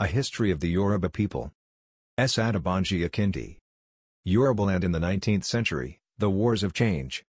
A History of the Yoruba People. S. Adabanji Akindi. Yorubaland in the 19th Century, The Wars of Change.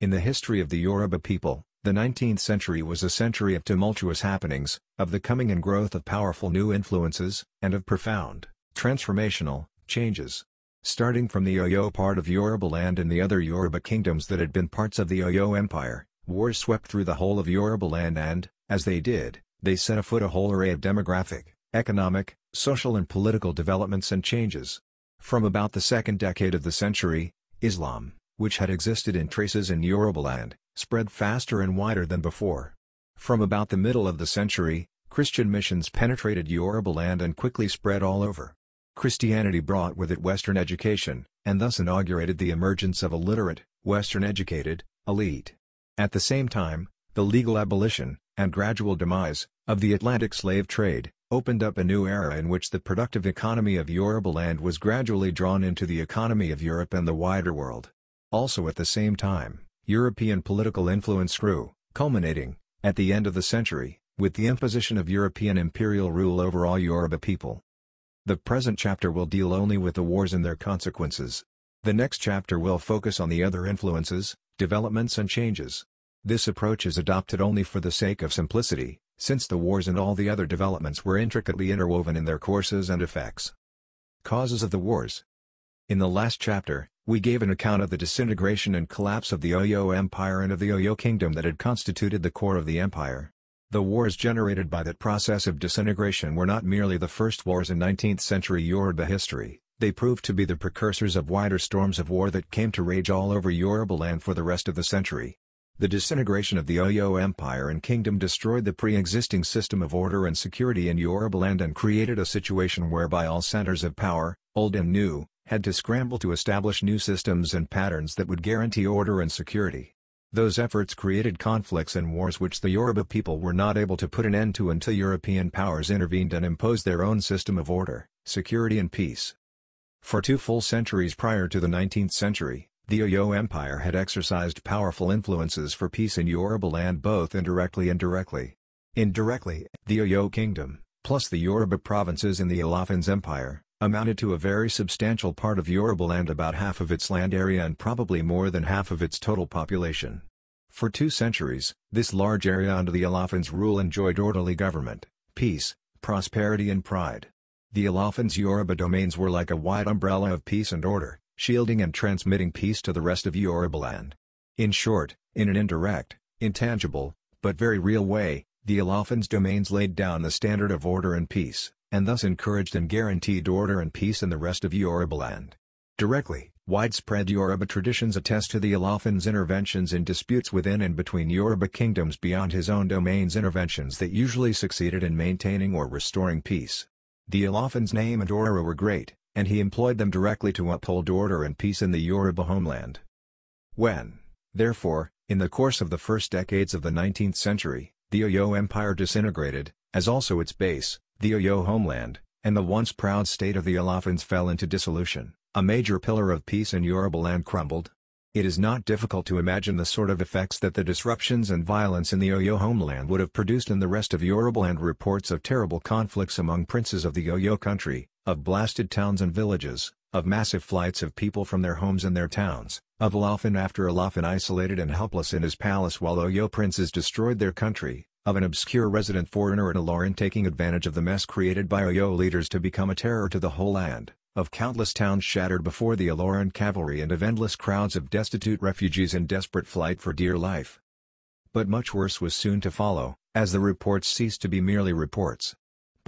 In the history of the Yoruba people, the 19th century was a century of tumultuous happenings, of the coming and growth of powerful new influences, and of profound, transformational, changes. Starting from the Oyo part of Yoruba land and the other Yoruba kingdoms that had been parts of the Oyo Empire, wars swept through the whole of Yoruba land, and, as they did, they set afoot a whole array of demographic, economic, social and political developments and changes. From about the second decade of the century, Islam, which had existed in traces in land, spread faster and wider than before. From about the middle of the century, Christian missions penetrated land and quickly spread all over. Christianity brought with it Western education, and thus inaugurated the emergence of a literate, Western-educated, elite. At the same time, the legal abolition, and gradual demise, of the Atlantic slave trade, opened up a new era in which the productive economy of Yorubaland was gradually drawn into the economy of Europe and the wider world. Also at the same time, European political influence grew, culminating, at the end of the century, with the imposition of European imperial rule over all Yoruba people. The present chapter will deal only with the wars and their consequences. The next chapter will focus on the other influences, developments and changes. This approach is adopted only for the sake of simplicity, since the wars and all the other developments were intricately interwoven in their courses and effects. Causes of the wars In the last chapter, we gave an account of the disintegration and collapse of the Oyo Empire and of the Oyo Kingdom that had constituted the core of the empire. The wars generated by that process of disintegration were not merely the first wars in 19th-century Yoruba history, they proved to be the precursors of wider storms of war that came to rage all over Yoruba land for the rest of the century. The disintegration of the Oyo Empire and Kingdom destroyed the pre-existing system of order and security in Yorubaland and created a situation whereby all centers of power, old and new, had to scramble to establish new systems and patterns that would guarantee order and security. Those efforts created conflicts and wars which the Yoruba people were not able to put an end to until European powers intervened and imposed their own system of order, security and peace. For two full centuries prior to the 19th century, the Oyo Empire had exercised powerful influences for peace in Yoruba land both indirectly and directly. Indirectly, the Oyo Kingdom, plus the Yoruba provinces in the Ilafans Empire, amounted to a very substantial part of Yoruba land about half of its land area and probably more than half of its total population. For two centuries, this large area under the Ilafans' rule enjoyed orderly government, peace, prosperity and pride. The Ilafans' Yoruba domains were like a wide umbrella of peace and order, shielding and transmitting peace to the rest of Yorubaland. In short, in an indirect, intangible, but very real way, the Alafans domains laid down the standard of order and peace, and thus encouraged and guaranteed order and peace in the rest of Yorubaland. Directly, widespread Yoruba traditions attest to the Alafans' interventions in disputes within and between Yoruba kingdoms beyond his own domains interventions that usually succeeded in maintaining or restoring peace. The Alafans' name and aura were great, and he employed them directly to uphold order and peace in the Yoruba homeland. When, therefore, in the course of the first decades of the 19th century, the Oyo Empire disintegrated, as also its base, the Oyo homeland, and the once proud state of the Alafans fell into dissolution, a major pillar of peace in Yoruba land crumbled. It is not difficult to imagine the sort of effects that the disruptions and violence in the Oyo homeland would have produced in the rest of Yoruba land reports of terrible conflicts among princes of the Oyo country, of blasted towns and villages, of massive flights of people from their homes and their towns, of Alafin after Alafin isolated and helpless in his palace while Oyo princes destroyed their country, of an obscure resident foreigner in Alorin taking advantage of the mess created by Oyo leaders to become a terror to the whole land, of countless towns shattered before the Aloran cavalry and of endless crowds of destitute refugees in desperate flight for dear life. But much worse was soon to follow, as the reports ceased to be merely reports.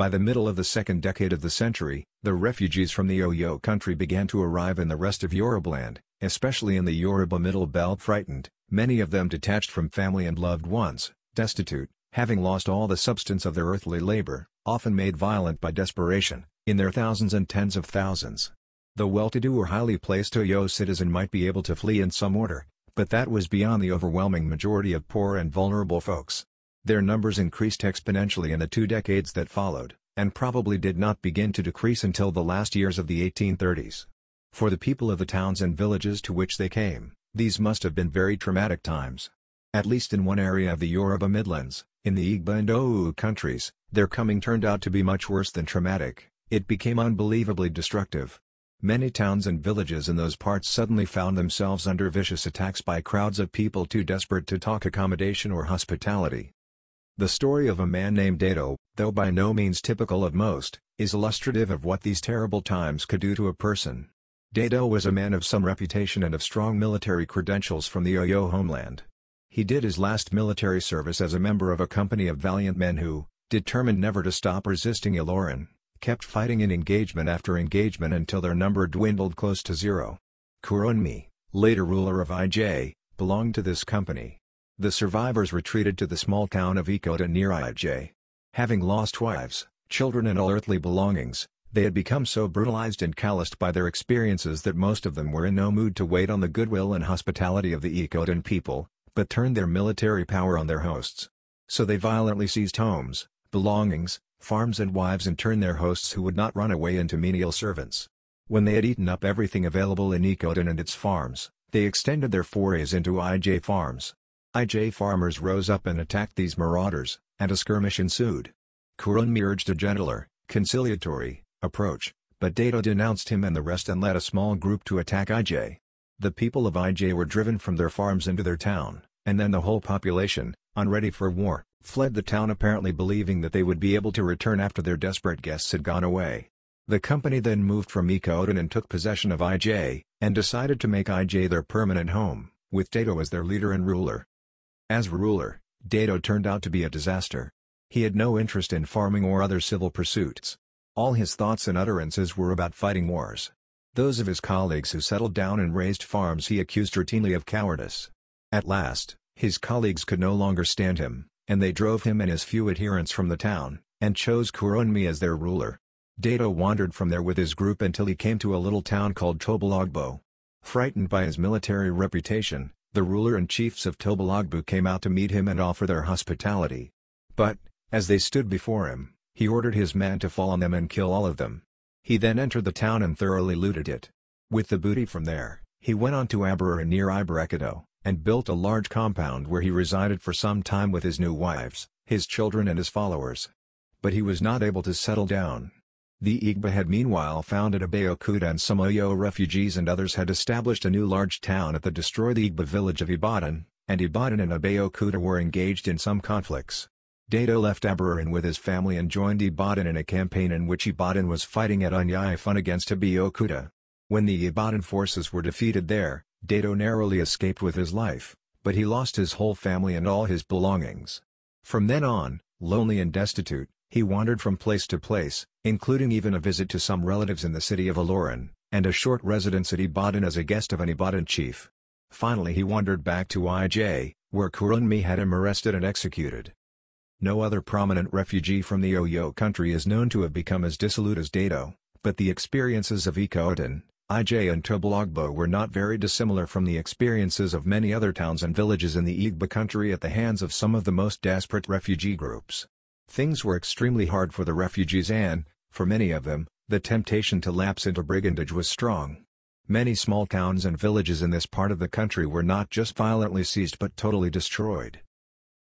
By the middle of the second decade of the century, the refugees from the Oyo country began to arrive in the rest of Yorubaland, especially in the Yoruba Middle Belt frightened, many of them detached from family and loved ones, destitute, having lost all the substance of their earthly labor, often made violent by desperation, in their thousands and tens of thousands. The well-to-do or highly placed Oyo citizen might be able to flee in some order, but that was beyond the overwhelming majority of poor and vulnerable folks. Their numbers increased exponentially in the two decades that followed, and probably did not begin to decrease until the last years of the 1830s. For the people of the towns and villages to which they came, these must have been very traumatic times. At least in one area of the Yoruba Midlands, in the Igba and Owu countries, their coming turned out to be much worse than traumatic, it became unbelievably destructive. Many towns and villages in those parts suddenly found themselves under vicious attacks by crowds of people too desperate to talk accommodation or hospitality. The story of a man named Dato, though by no means typical of most, is illustrative of what these terrible times could do to a person. Dato was a man of some reputation and of strong military credentials from the Oyo homeland. He did his last military service as a member of a company of valiant men who, determined never to stop resisting Ilorin, kept fighting in engagement after engagement until their number dwindled close to zero. Kuronmi, later ruler of IJ, belonged to this company. The survivors retreated to the small town of Ekota near Ij. Having lost wives, children and all earthly belongings, they had become so brutalized and calloused by their experiences that most of them were in no mood to wait on the goodwill and hospitality of the Ekotan people, but turned their military power on their hosts. So they violently seized homes, belongings, farms and wives and turned their hosts who would not run away into menial servants. When they had eaten up everything available in Ekotan and its farms, they extended their forays into IJ farms, IJ farmers rose up and attacked these marauders, and a skirmish ensued. Kurunmi urged a gentler, conciliatory, approach, but Dato denounced him and the rest and led a small group to attack IJ. The people of IJ were driven from their farms into their town, and then the whole population, unready for war, fled the town apparently believing that they would be able to return after their desperate guests had gone away. The company then moved from Ikoden and took possession of IJ, and decided to make IJ their permanent home, with Dato as their leader and ruler. As ruler, Dato turned out to be a disaster. He had no interest in farming or other civil pursuits. All his thoughts and utterances were about fighting wars. Those of his colleagues who settled down and raised farms he accused routinely of cowardice. At last, his colleagues could no longer stand him, and they drove him and his few adherents from the town, and chose Kuronmi as their ruler. Dato wandered from there with his group until he came to a little town called Tobologbo. Frightened by his military reputation, the ruler and chiefs of Tobalagbu came out to meet him and offer their hospitality. But, as they stood before him, he ordered his men to fall on them and kill all of them. He then entered the town and thoroughly looted it. With the booty from there, he went on to Abera near Ibrakedo, and built a large compound where he resided for some time with his new wives, his children and his followers. But he was not able to settle down, the Igba had meanwhile founded a Bayokuta and some Oyo refugees and others had established a new large town at the destroyed Igba village of Ibadan, and Ibadan and Abeokuta were engaged in some conflicts. Dato left Aburin with his family and joined Ibadan in a campaign in which Ibadan was fighting at Anyaifun against Abeokuta. When the Ibadan forces were defeated there, Dato narrowly escaped with his life, but he lost his whole family and all his belongings. From then on, lonely and destitute, he wandered from place to place, including even a visit to some relatives in the city of Aloran, and a short residence at Ibadan as a guest of an Ibadan chief. Finally he wandered back to IJ, where Kurunmi had him arrested and executed. No other prominent refugee from the Oyo country is known to have become as dissolute as Dato, but the experiences of Ikotan, IJ and Toblogbo were not very dissimilar from the experiences of many other towns and villages in the Igbo country at the hands of some of the most desperate refugee groups. Things were extremely hard for the refugees and, for many of them, the temptation to lapse into brigandage was strong. Many small towns and villages in this part of the country were not just violently seized but totally destroyed.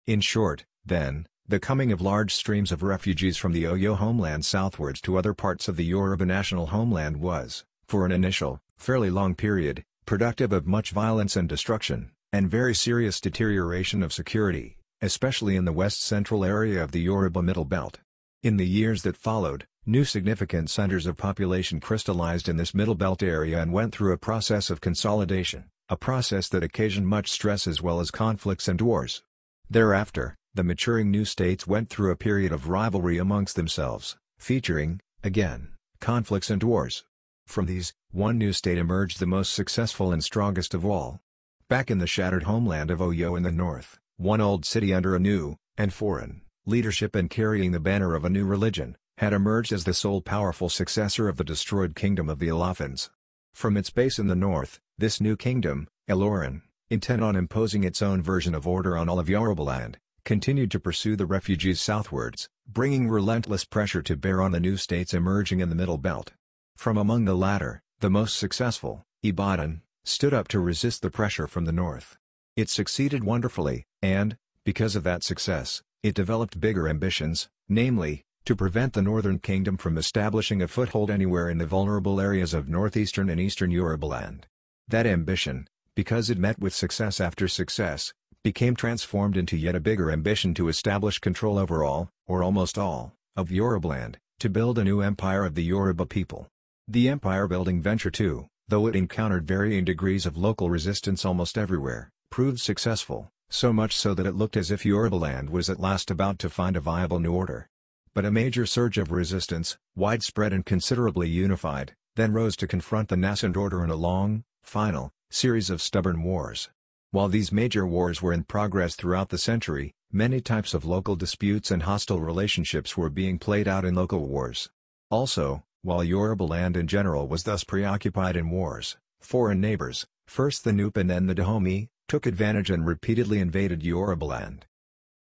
In short, then, the coming of large streams of refugees from the Oyo homeland southwards to other parts of the Yoruba national homeland was, for an initial, fairly long period, productive of much violence and destruction, and very serious deterioration of security, especially in the west-central area of the Yoruba Middle Belt. In the years that followed, New significant centers of population crystallized in this middle belt area and went through a process of consolidation, a process that occasioned much stress as well as conflicts and wars. Thereafter, the maturing new states went through a period of rivalry amongst themselves, featuring, again, conflicts and wars. From these, one new state emerged the most successful and strongest of all. Back in the shattered homeland of Oyo in the north, one old city under a new, and foreign, leadership and carrying the banner of a new religion, had emerged as the sole powerful successor of the destroyed kingdom of the Elophans. From its base in the north, this new kingdom, Eloran, intent on imposing its own version of order on all of Yorubaland, continued to pursue the refugees southwards, bringing relentless pressure to bear on the new states emerging in the Middle Belt. From among the latter, the most successful, Ibadan, stood up to resist the pressure from the north. It succeeded wonderfully, and, because of that success, it developed bigger ambitions, namely, to prevent the Northern Kingdom from establishing a foothold anywhere in the vulnerable areas of northeastern and eastern Yorubaland. That ambition, because it met with success after success, became transformed into yet a bigger ambition to establish control over all, or almost all, of Yorubaland, to build a new empire of the Yoruba people. The empire-building venture too, though it encountered varying degrees of local resistance almost everywhere, proved successful, so much so that it looked as if Yorubaland was at last about to find a viable new order but a major surge of resistance, widespread and considerably unified, then rose to confront the nascent order in a long, final, series of stubborn wars. While these major wars were in progress throughout the century, many types of local disputes and hostile relationships were being played out in local wars. Also, while Yoruba land in general was thus preoccupied in wars, foreign neighbors, first the Nupe and then the Dahomey, took advantage and repeatedly invaded Yoruba land.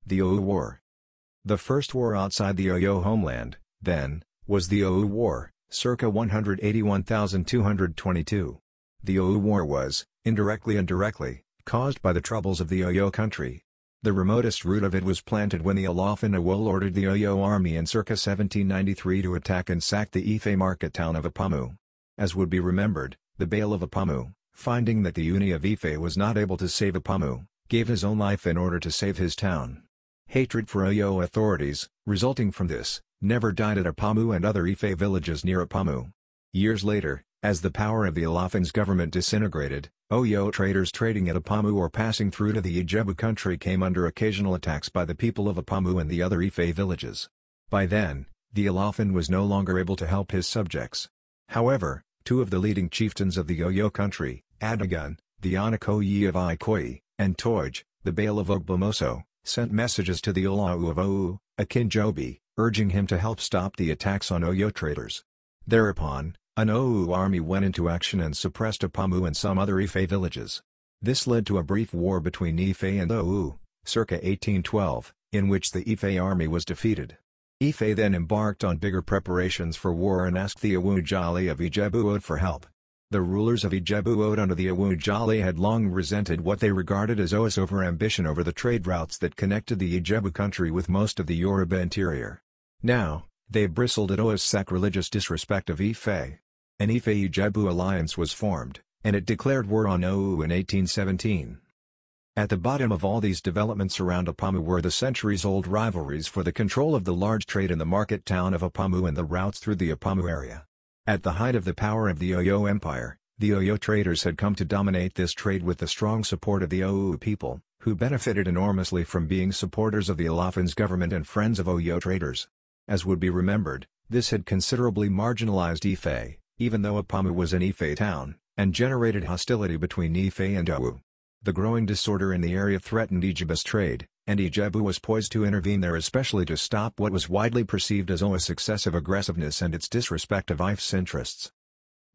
The Owu War the first war outside the Oyo homeland, then, was the Oyo War, circa 181,222. The Oyo War was, indirectly and directly, caused by the troubles of the Oyo country. The remotest root of it was planted when the Alafin Awol ordered the Oyo army in circa 1793 to attack and sack the Ife market town of Apamu. As would be remembered, the Bail of Apamu, finding that the Uni of Ife was not able to save Apamu, gave his own life in order to save his town. Hatred for Oyo authorities, resulting from this, never died at Apamu and other Ife villages near Apamu. Years later, as the power of the Alafans government disintegrated, Oyo traders trading at Apamu or passing through to the Ijebu country came under occasional attacks by the people of Apamu and the other Ife villages. By then, the Alafan was no longer able to help his subjects. However, two of the leading chieftains of the Oyo country, Adagun, the Anakoyi of Ikoyi, and Toj, the Bale of Ogbomoso, sent messages to the Olau of Ou, Akinjobi, urging him to help stop the attacks on Oyo traders. Thereupon, an Ou army went into action and suppressed Apamu and some other Ife villages. This led to a brief war between Ife and Ou, circa 1812, in which the Ife army was defeated. Ife then embarked on bigger preparations for war and asked the Awujali of Ijebu Ode for help. The rulers of Ijebu owed under the Awujali had long resented what they regarded as Oas over-ambition over the trade routes that connected the Ijebu country with most of the Yoruba interior. Now, they bristled at Oas' sacrilegious disrespect of Ife. An Ife-Ijebu alliance was formed, and it declared war on Owu in 1817. At the bottom of all these developments around Apamu were the centuries-old rivalries for the control of the large trade in the market town of Apamu and the routes through the Apamu area. At the height of the power of the Oyo Empire, the Oyo traders had come to dominate this trade with the strong support of the Oyo people, who benefited enormously from being supporters of the Alafin's government and friends of Oyo traders. As would be remembered, this had considerably marginalized Ife, even though Apamu was an Ife town, and generated hostility between Ife and Owu. The growing disorder in the area threatened Ijebu's trade, and Ijebu was poised to intervene there especially to stop what was widely perceived as OA's excessive aggressiveness and its disrespect of IF's interests.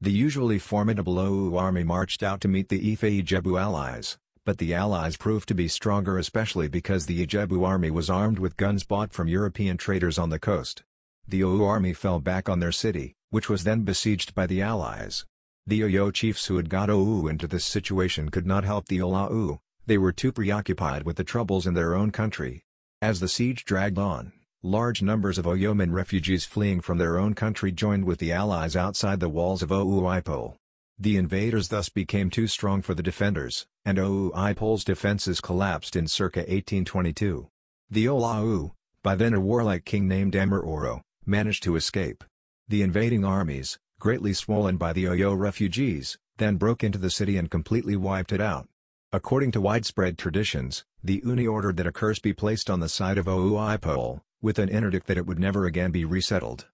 The usually formidable OU army marched out to meet the Ife Ijebu allies, but the allies proved to be stronger especially because the Ijebu army was armed with guns bought from European traders on the coast. The OU army fell back on their city, which was then besieged by the allies. The Oyo chiefs who had got OU into this situation could not help the Olau, they were too preoccupied with the troubles in their own country. As the siege dragged on, large numbers of Oyoman refugees fleeing from their own country joined with the allies outside the walls of Ouuipol. The invaders thus became too strong for the defenders, and Ouuipol's defenses collapsed in circa 1822. The Olau, by then a warlike king named Amororo, managed to escape. The invading armies, greatly swollen by the Oyo refugees, then broke into the city and completely wiped it out. According to widespread traditions, the Uni ordered that a curse be placed on the site of Ouaipol, with an interdict that it would never again be resettled.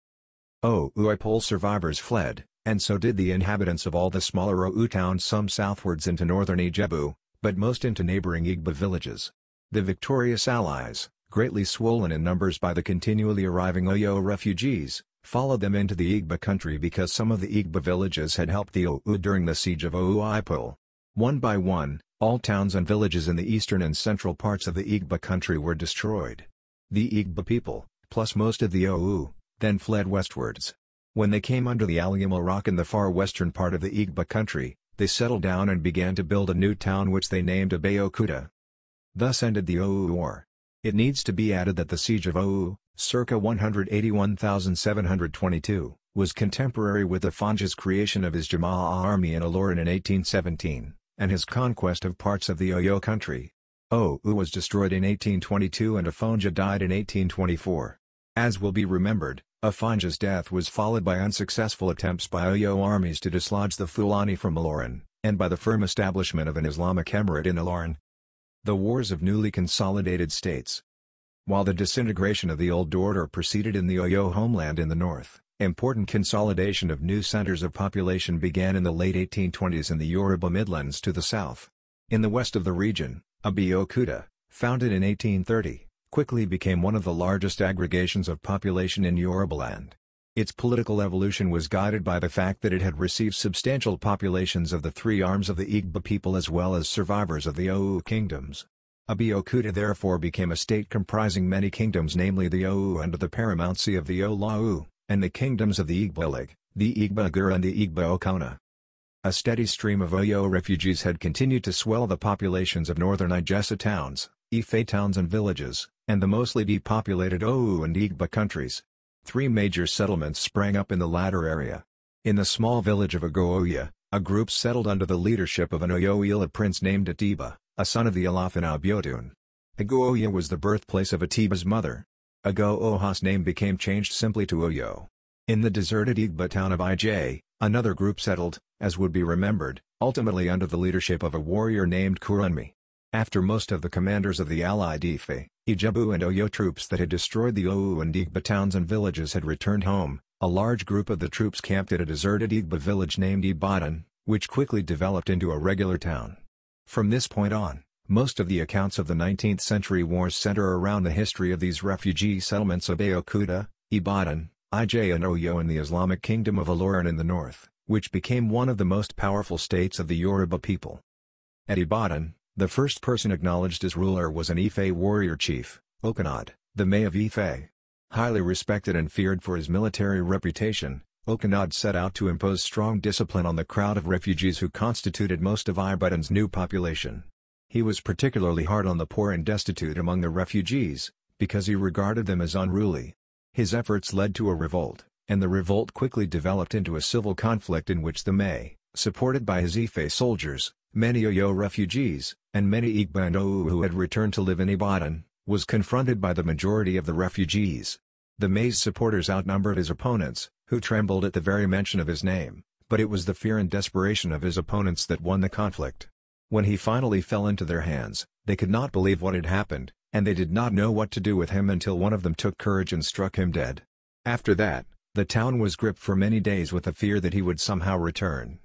Ouaipol survivors fled, and so did the inhabitants of all the smaller Ou towns some southwards into northern Ijebu, but most into neighboring Igba villages. The victorious allies, greatly swollen in numbers by the continually arriving Oyo refugees, followed them into the Igba country because some of the Igba villages had helped the Ou during the siege of Ouaipol. One by one, all towns and villages in the eastern and central parts of the Igba country were destroyed. The Igba people, plus most of the OU, then fled westwards. When they came under the Aliamal Rock in the far western part of the Igba country, they settled down and began to build a new town which they named Abeokuta. Thus ended the OU War. It needs to be added that the siege of OU, circa 181,722, was contemporary with the creation of his Jama'a army in Aloran in 1817 and his conquest of parts of the Oyo country. Ou was destroyed in 1822 and Afonja died in 1824. As will be remembered, Afonja's death was followed by unsuccessful attempts by Oyo armies to dislodge the Fulani from Ilorin, and by the firm establishment of an Islamic emirate in Ilorin. The Wars of Newly Consolidated States While the disintegration of the old order proceeded in the Oyo homeland in the north, Important consolidation of new centers of population began in the late 1820s in the Yoruba Midlands to the south. In the west of the region, Abeokuta, founded in 1830, quickly became one of the largest aggregations of population in Yorubaland. Its political evolution was guided by the fact that it had received substantial populations of the three arms of the Igbo people as well as survivors of the Owu kingdoms. Abeokuta therefore became a state comprising many kingdoms namely the Owu and the paramountcy of the Olawu and the kingdoms of the Igbo the Igbo Igbagur and the Igbo Okona. A steady stream of Oyo refugees had continued to swell the populations of northern Igesa towns, Ife towns and villages, and the mostly depopulated Owu and Igba countries. Three major settlements sprang up in the latter area. In the small village of Agooya, a group settled under the leadership of an Oyo prince named Atiba, a son of the Alafin Abiodun. Agooya was the birthplace of Atiba's mother, Ago Oha's name became changed simply to Oyo. In the deserted Igba town of Ij, another group settled, as would be remembered, ultimately under the leadership of a warrior named Kurunmi. After most of the commanders of the allied Ife, Ijebu and Oyo troops that had destroyed the Owu and Igba towns and villages had returned home, a large group of the troops camped at a deserted Igba village named Ibadan, which quickly developed into a regular town. From this point on, most of the accounts of the 19th century wars center around the history of these refugee settlements of Ayokuta, Ibadan, Ij and Oyo in the Islamic Kingdom of Ilorin in the north, which became one of the most powerful states of the Yoruba people. At Ibadan, the first person acknowledged as ruler was an Ife warrior chief, Okanod, the May of Ife. Highly respected and feared for his military reputation, Okanod set out to impose strong discipline on the crowd of refugees who constituted most of Ibadan's new population. He was particularly hard on the poor and destitute among the refugees, because he regarded them as unruly. His efforts led to a revolt, and the revolt quickly developed into a civil conflict in which the May, supported by his Ife soldiers, many Oyo refugees, and many Igbo and who had returned to live in Ibadan, was confronted by the majority of the refugees. The May's supporters outnumbered his opponents, who trembled at the very mention of his name, but it was the fear and desperation of his opponents that won the conflict. When he finally fell into their hands, they could not believe what had happened, and they did not know what to do with him until one of them took courage and struck him dead. After that, the town was gripped for many days with the fear that he would somehow return.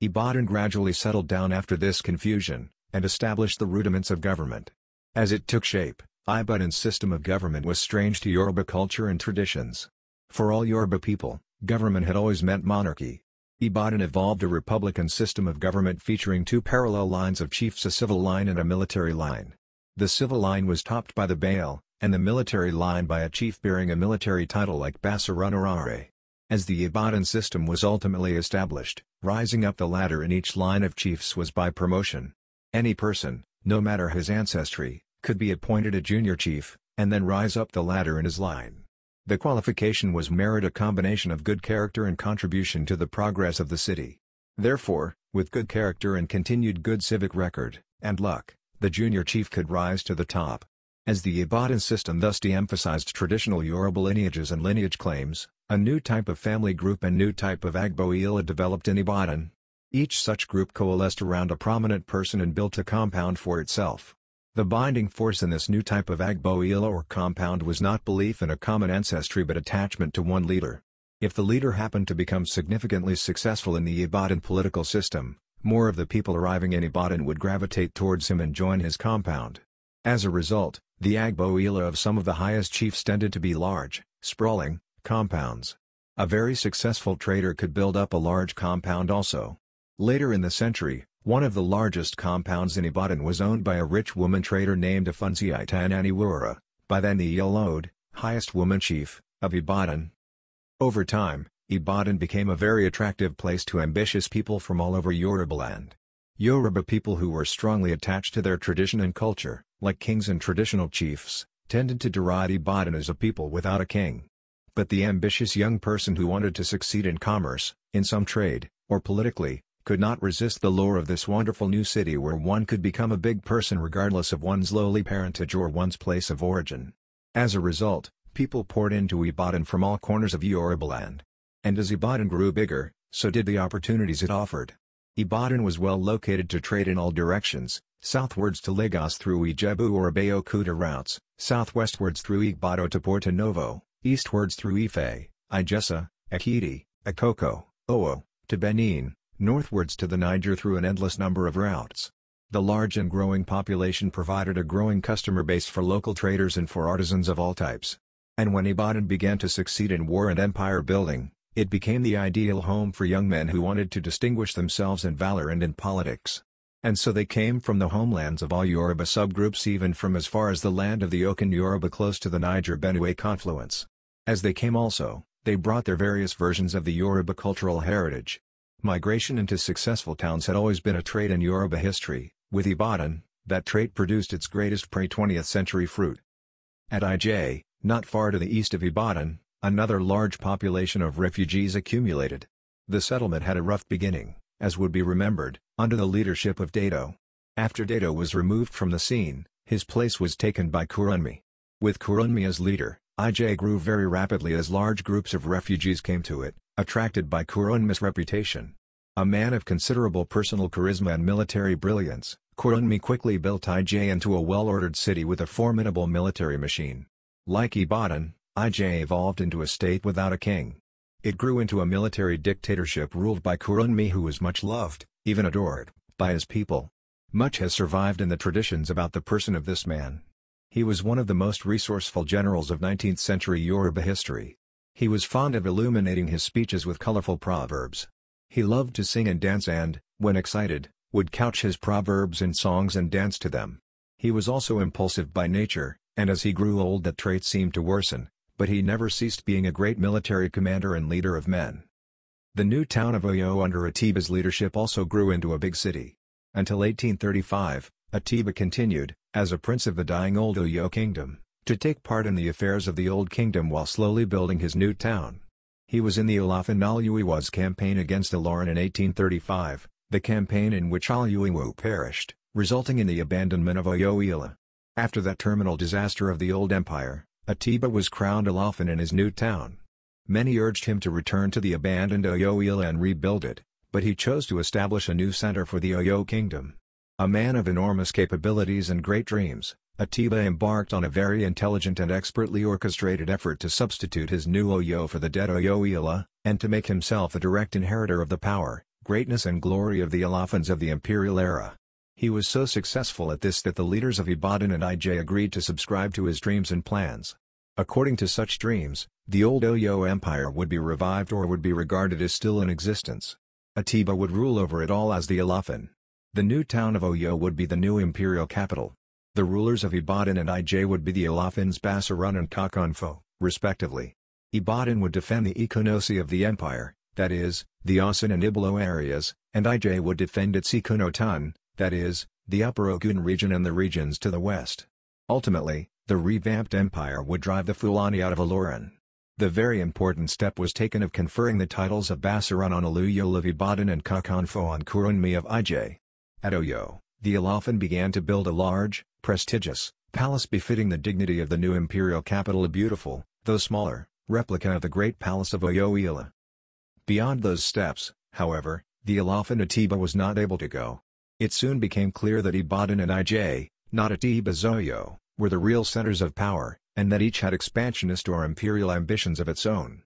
Ibadan gradually settled down after this confusion, and established the rudiments of government. As it took shape, Ibadan's system of government was strange to Yoruba culture and traditions. For all Yoruba people, government had always meant monarchy, Ibadan evolved a republican system of government featuring two parallel lines of chiefs a civil line and a military line. The civil line was topped by the Baal, and the military line by a chief bearing a military title like Arare. As the Ibadan system was ultimately established, rising up the ladder in each line of chiefs was by promotion. Any person, no matter his ancestry, could be appointed a junior chief, and then rise up the ladder in his line. The qualification was merit a combination of good character and contribution to the progress of the city. Therefore, with good character and continued good civic record, and luck, the junior chief could rise to the top. As the Ibadan system thus de-emphasized traditional Yoruba lineages and lineage claims, a new type of family group and new type of Agboila developed in Ibadan. Each such group coalesced around a prominent person and built a compound for itself. The binding force in this new type of Agboila or compound was not belief in a common ancestry but attachment to one leader. If the leader happened to become significantly successful in the Ibadan political system, more of the people arriving in Ibadan would gravitate towards him and join his compound. As a result, the Agboila of some of the highest chiefs tended to be large, sprawling, compounds. A very successful trader could build up a large compound also. Later in the century, one of the largest compounds in Ibadan was owned by a rich woman trader named Afunsi Itananiwara, by then the Yolode, highest woman chief, of Ibadan. Over time, Ibadan became a very attractive place to ambitious people from all over Yorubaland. Yoruba people who were strongly attached to their tradition and culture, like kings and traditional chiefs, tended to deride Ibadan as a people without a king. But the ambitious young person who wanted to succeed in commerce, in some trade, or politically, could not resist the lure of this wonderful new city where one could become a big person regardless of one's lowly parentage or one's place of origin. As a result, people poured into Ibadan from all corners of Yorubaland. And as Ibadan grew bigger, so did the opportunities it offered. Ibadan was well located to trade in all directions, southwards to Lagos through Ijebu or Abeokuta routes, southwestwards through Ibadan to Porto Novo, eastwards through Ife, Ijesa, Akiti, Akoko, Owo, to Benin, northwards to the Niger through an endless number of routes. The large and growing population provided a growing customer base for local traders and for artisans of all types. And when Ibadan began to succeed in war and empire building, it became the ideal home for young men who wanted to distinguish themselves in valor and in politics. And so they came from the homelands of all Yoruba subgroups even from as far as the land of the Okan Yoruba close to the Niger-Benue confluence. As they came also, they brought their various versions of the Yoruba cultural heritage, Migration into successful towns had always been a trait in Yoruba history, with Ibadan, that trait produced its greatest pre-20th century fruit. At IJ, not far to the east of Ibadan, another large population of refugees accumulated. The settlement had a rough beginning, as would be remembered, under the leadership of Dato. After Dato was removed from the scene, his place was taken by Kurunmi. With Kurunmi as leader, IJ grew very rapidly as large groups of refugees came to it, attracted by Kurunmi's reputation. A man of considerable personal charisma and military brilliance, Kurunmi quickly built IJ into a well-ordered city with a formidable military machine. Like Ibadan, IJ evolved into a state without a king. It grew into a military dictatorship ruled by Kurunmi who was much loved, even adored, by his people. Much has survived in the traditions about the person of this man. He was one of the most resourceful generals of 19th-century Yoruba history. He was fond of illuminating his speeches with colorful proverbs. He loved to sing and dance and, when excited, would couch his proverbs in songs and dance to them. He was also impulsive by nature, and as he grew old that trait seemed to worsen, but he never ceased being a great military commander and leader of men. The new town of Oyo under Atiba's leadership also grew into a big city. Until 1835, Atiba continued, as a prince of the dying old Oyo kingdom, to take part in the affairs of the old kingdom while slowly building his new town. He was in the Olafin Aluiwa's campaign against Ilorin in 1835, the campaign in which Aluiwa perished, resulting in the abandonment of Oyoila. After that terminal disaster of the old empire, Atiba was crowned Olafin in his new town. Many urged him to return to the abandoned Oyoila and rebuild it, but he chose to establish a new center for the Oyo kingdom. A man of enormous capabilities and great dreams, Atiba embarked on a very intelligent and expertly orchestrated effort to substitute his new Oyo for the dead Ila and to make himself the direct inheritor of the power, greatness and glory of the Alafans of the imperial era. He was so successful at this that the leaders of Ibadan and IJ agreed to subscribe to his dreams and plans. According to such dreams, the old Oyo Empire would be revived or would be regarded as still in existence. Atiba would rule over it all as the Alafan, the new town of Oyo would be the new imperial capital. The rulers of Ibadan and Ij would be the Alafins Basaran and Kakonfo, respectively. Ibadan would defend the Ikonosi of the empire, that is, the Osun and Ibilo areas, and Ij would defend its Ikonotan, that is, the Upper Ogun region and the regions to the west. Ultimately, the revamped empire would drive the Fulani out of Aloran. The very important step was taken of conferring the titles of Basaran on Aluyul of Ibadan and Kakanfo on Kurunmi of Ij. At Oyo, the Ilafan began to build a large, prestigious, palace befitting the dignity of the new imperial capital a beautiful, though smaller, replica of the great palace of Oyo-Ila. Beyond those steps, however, the Ilafan Atiba was not able to go. It soon became clear that Ibadan and IJ, not Atiba Zoyo, were the real centers of power, and that each had expansionist or imperial ambitions of its own.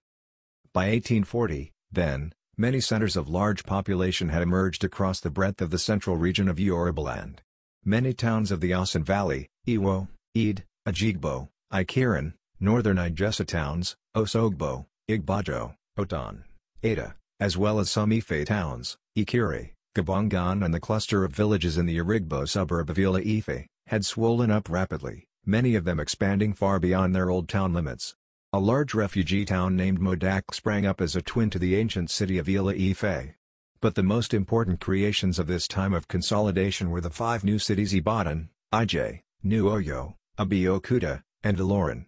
By 1840, then, Many centers of large population had emerged across the breadth of the central region of Yorubaland. Many towns of the Asan Valley, Iwo, Ede, Ajigbo, Ikiran, northern Igesa towns, Osogbo, Igbajo, Otan, Ada, as well as some Ife towns, Ikiri, Gabongan and the cluster of villages in the Irigbo suburb of Ile Ife, had swollen up rapidly, many of them expanding far beyond their old town limits. A large refugee town named Modak sprang up as a twin to the ancient city of Ila Ife. But the most important creations of this time of consolidation were the five new cities Ibadan, Ij, New Oyo, Abeokuta, and Ilorin.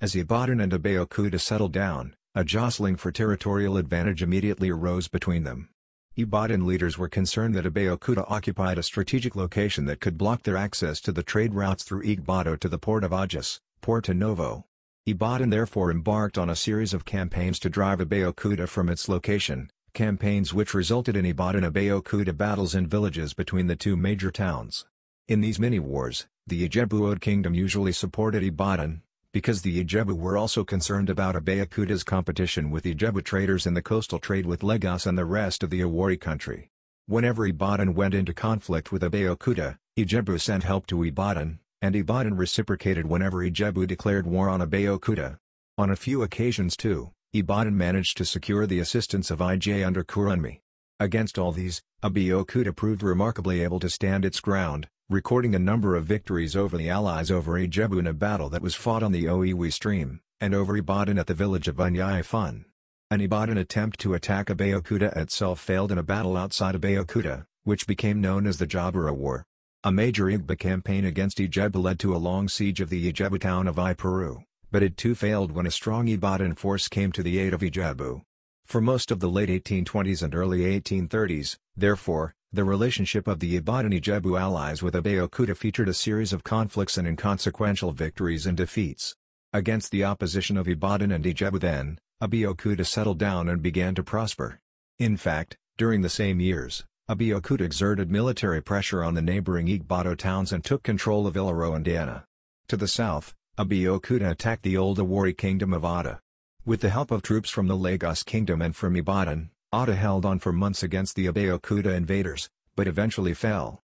As Ibadan and Abeokuta settled down, a jostling for territorial advantage immediately arose between them. Ibadan leaders were concerned that Abeokuta occupied a strategic location that could block their access to the trade routes through Igboto to the port of Ajas, Porto Novo, Ibadan therefore embarked on a series of campaigns to drive Abeokuta from its location, campaigns which resulted in Ibadan abeokuta battles in villages between the two major towns. In these mini-wars, the Ijebuod kingdom usually supported Ibadan, because the Ijebu were also concerned about Abeokuta's competition with Ijebu traders in the coastal trade with Lagos and the rest of the Awari country. Whenever Ibadan went into conflict with Abayokuta, Ijebu sent help to Ibadan, and Ibadan reciprocated whenever Ijebu declared war on Abeokuta. Kuta. On a few occasions too, Ibadan managed to secure the assistance of IJ under Kurunmi. Against all these, Abeokuta proved remarkably able to stand its ground, recording a number of victories over the allies over Ijebu in a battle that was fought on the Oiwi stream, and over Ibadan at the village of Bunyaifan. An Ibadan attempt to attack Abeokuta itself failed in a battle outside Abeokuta, which became known as the Jabura War. A major Igba campaign against Ijeba led to a long siege of the Ijeba town of Iperu, but it too failed when a strong Ibadan force came to the aid of Ijebu. For most of the late 1820s and early 1830s, therefore, the relationship of the Ibadan Ijebu allies with Abe Okuda featured a series of conflicts and inconsequential victories and defeats. Against the opposition of Ibadan and Ijebu then, Abe Okuda settled down and began to prosper. In fact, during the same years, Abiyokud exerted military pressure on the neighboring Igbato towns and took control of Ilaro and Diana. To the south, Abiyokud attacked the old Awari kingdom of Ada. With the help of troops from the Lagos kingdom and from Ibadan, Ada held on for months against the Abeokuta invaders, but eventually fell.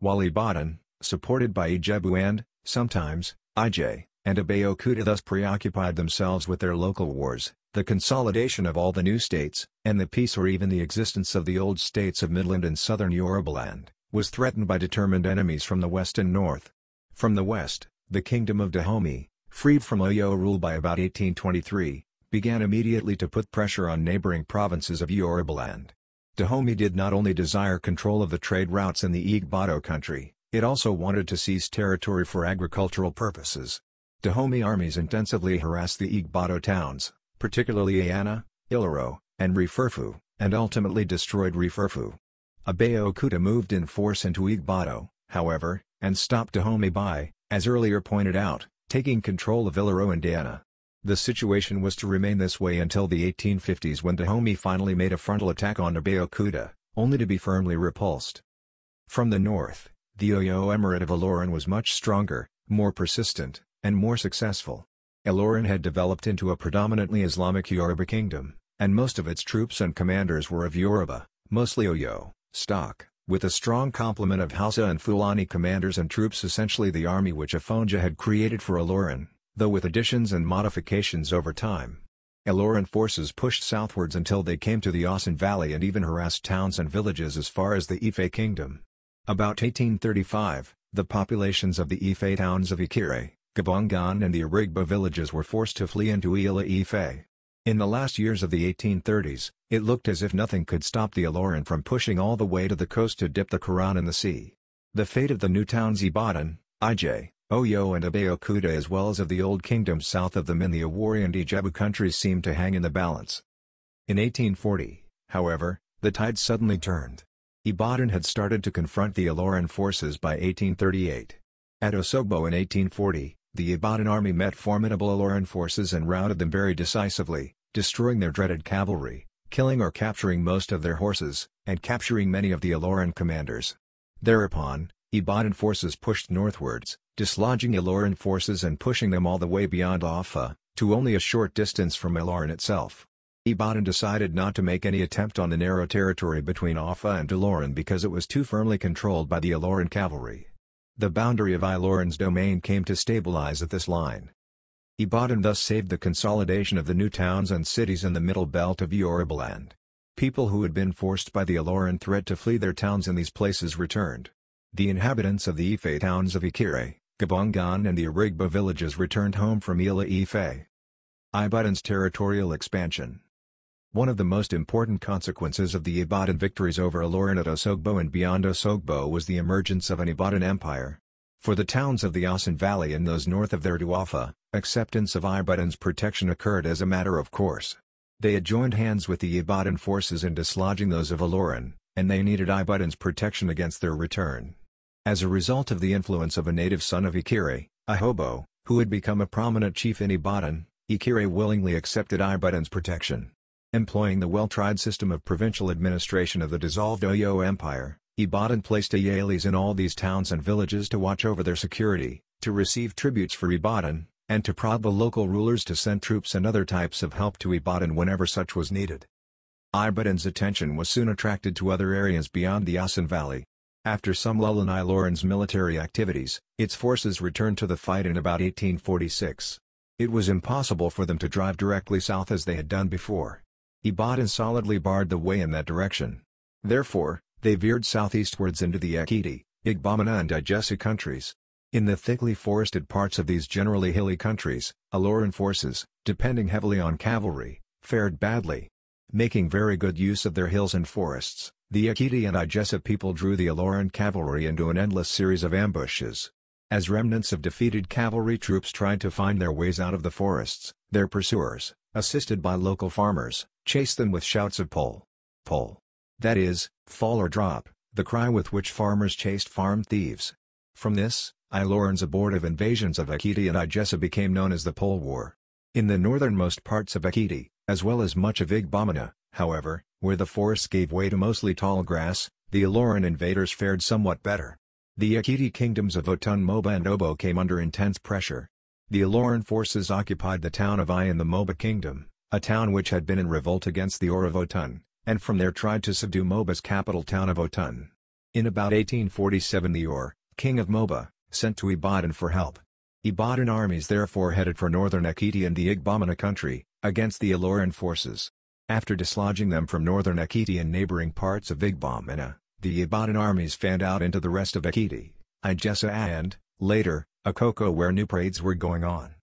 While Ibadan, supported by Ijebu and, sometimes, Ij, and Abeokuta thus preoccupied themselves with their local wars, the consolidation of all the new states, and the peace or even the existence of the old states of Midland and southern Yorubaland, was threatened by determined enemies from the west and north. From the west, the kingdom of Dahomey, freed from Oyo rule by about 1823, began immediately to put pressure on neighboring provinces of Yorubaland. Dahomey did not only desire control of the trade routes in the Igbo country, it also wanted to seize territory for agricultural purposes. Dahomey armies intensively harassed the Igbo towns, particularly Ayana, Ilaro, and Referfu, and ultimately destroyed Referfu. Abeo Kuta moved in force into Igbato, however, and stopped Dahomey by, as earlier pointed out, taking control of Ilaro and Ayana. The situation was to remain this way until the 1850s when Dahomey finally made a frontal attack on Abeo Kuta, only to be firmly repulsed. From the north, the Oyo Emirate of Aloran was much stronger, more persistent, and more successful. Ilorin had developed into a predominantly Islamic Yoruba kingdom, and most of its troops and commanders were of Yoruba, mostly Oyo, stock, with a strong complement of Hausa and Fulani commanders and troops essentially the army which Afonja had created for Ilorin, though with additions and modifications over time. Iloran forces pushed southwards until they came to the Osun Valley and even harassed towns and villages as far as the Ife Kingdom. About 1835, the populations of the Ife towns of Ikire, Kabongan and the Arigba villages were forced to flee into Ila Ife. In the last years of the 1830s, it looked as if nothing could stop the Aloran from pushing all the way to the coast to dip the Quran in the sea. The fate of the new towns Ibadan, Ij, Oyo and Abeokuta as well as of the old kingdoms south of them in the Awari and Ijebu countries seemed to hang in the balance. In 1840, however, the tide suddenly turned. Ibadan had started to confront the Aloran forces by 1838. At Osogbo in 1840, the Ibadan army met formidable Aloran forces and routed them very decisively, destroying their dreaded cavalry, killing or capturing most of their horses, and capturing many of the Aloran commanders. Thereupon, Ibadan forces pushed northwards, dislodging Iloran forces and pushing them all the way beyond Offa, to only a short distance from Iloran itself. Ibadan decided not to make any attempt on the narrow territory between Offa and Iloran because it was too firmly controlled by the Iloran cavalry. The boundary of Ilorin's domain came to stabilize at this line. Ibadan thus saved the consolidation of the new towns and cities in the middle belt of Yorubaland. People who had been forced by the Iloran threat to flee their towns in these places returned. The inhabitants of the Ife towns of Ikire, Gabongan and the Arigba villages returned home from Ila Ife. Ibadan's territorial expansion one of the most important consequences of the Ibadan victories over Ilorin at Osogbo and beyond Osogbo was the emergence of an Ibadan empire. For the towns of the Asan Valley and those north of their Duafa, acceptance of Ibadan's protection occurred as a matter of course. They had joined hands with the Ibadan forces in dislodging those of Ilorin, and they needed Ibadan's protection against their return. As a result of the influence of a native son of Ikire, Ihobo, who had become a prominent chief in Ibadan, Ikire willingly accepted Ibadan's protection. Employing the well-tried system of provincial administration of the dissolved Oyo Empire, Ibadan placed ayelis in all these towns and villages to watch over their security, to receive tributes for Ibadan, and to prod the local rulers to send troops and other types of help to Ibadan whenever such was needed. Ibadan's attention was soon attracted to other areas beyond the Asan Valley. After some lull in military activities, its forces returned to the fight in about 1846. It was impossible for them to drive directly south as they had done before, and solidly barred the way in that direction. Therefore, they veered southeastwards into the Akiti, Igbamina and Ijesi countries. In the thickly forested parts of these generally hilly countries, Aloran forces, depending heavily on cavalry, fared badly. Making very good use of their hills and forests, the Akiti and Ijesa people drew the Aloran cavalry into an endless series of ambushes. As remnants of defeated cavalry troops tried to find their ways out of the forests, their pursuers, assisted by local farmers, chase them with shouts of pole. Pole. That is, fall or drop, the cry with which farmers chased farm thieves. From this, Ilorin's abortive invasions of Akiti and Igessa became known as the Pole War. In the northernmost parts of Akiti, as well as much of Igbamina, however, where the forests gave way to mostly tall grass, the Iloran invaders fared somewhat better. The Akiti kingdoms of Otunmoba and Obo came under intense pressure, the Aloran forces occupied the town of I in the Moba kingdom, a town which had been in revolt against the Oravotun, and from there tried to subdue Moba's capital town of Otun. In about 1847 the Or, king of Moba, sent to Ibadan for help. Ibadan armies therefore headed for northern Akiti and the Igbamina country, against the Aloran forces. After dislodging them from northern Akiti and neighboring parts of Igbamina, the Ibadan armies fanned out into the rest of Akiti, Ijesa and, later, Akoko where new parades were going on.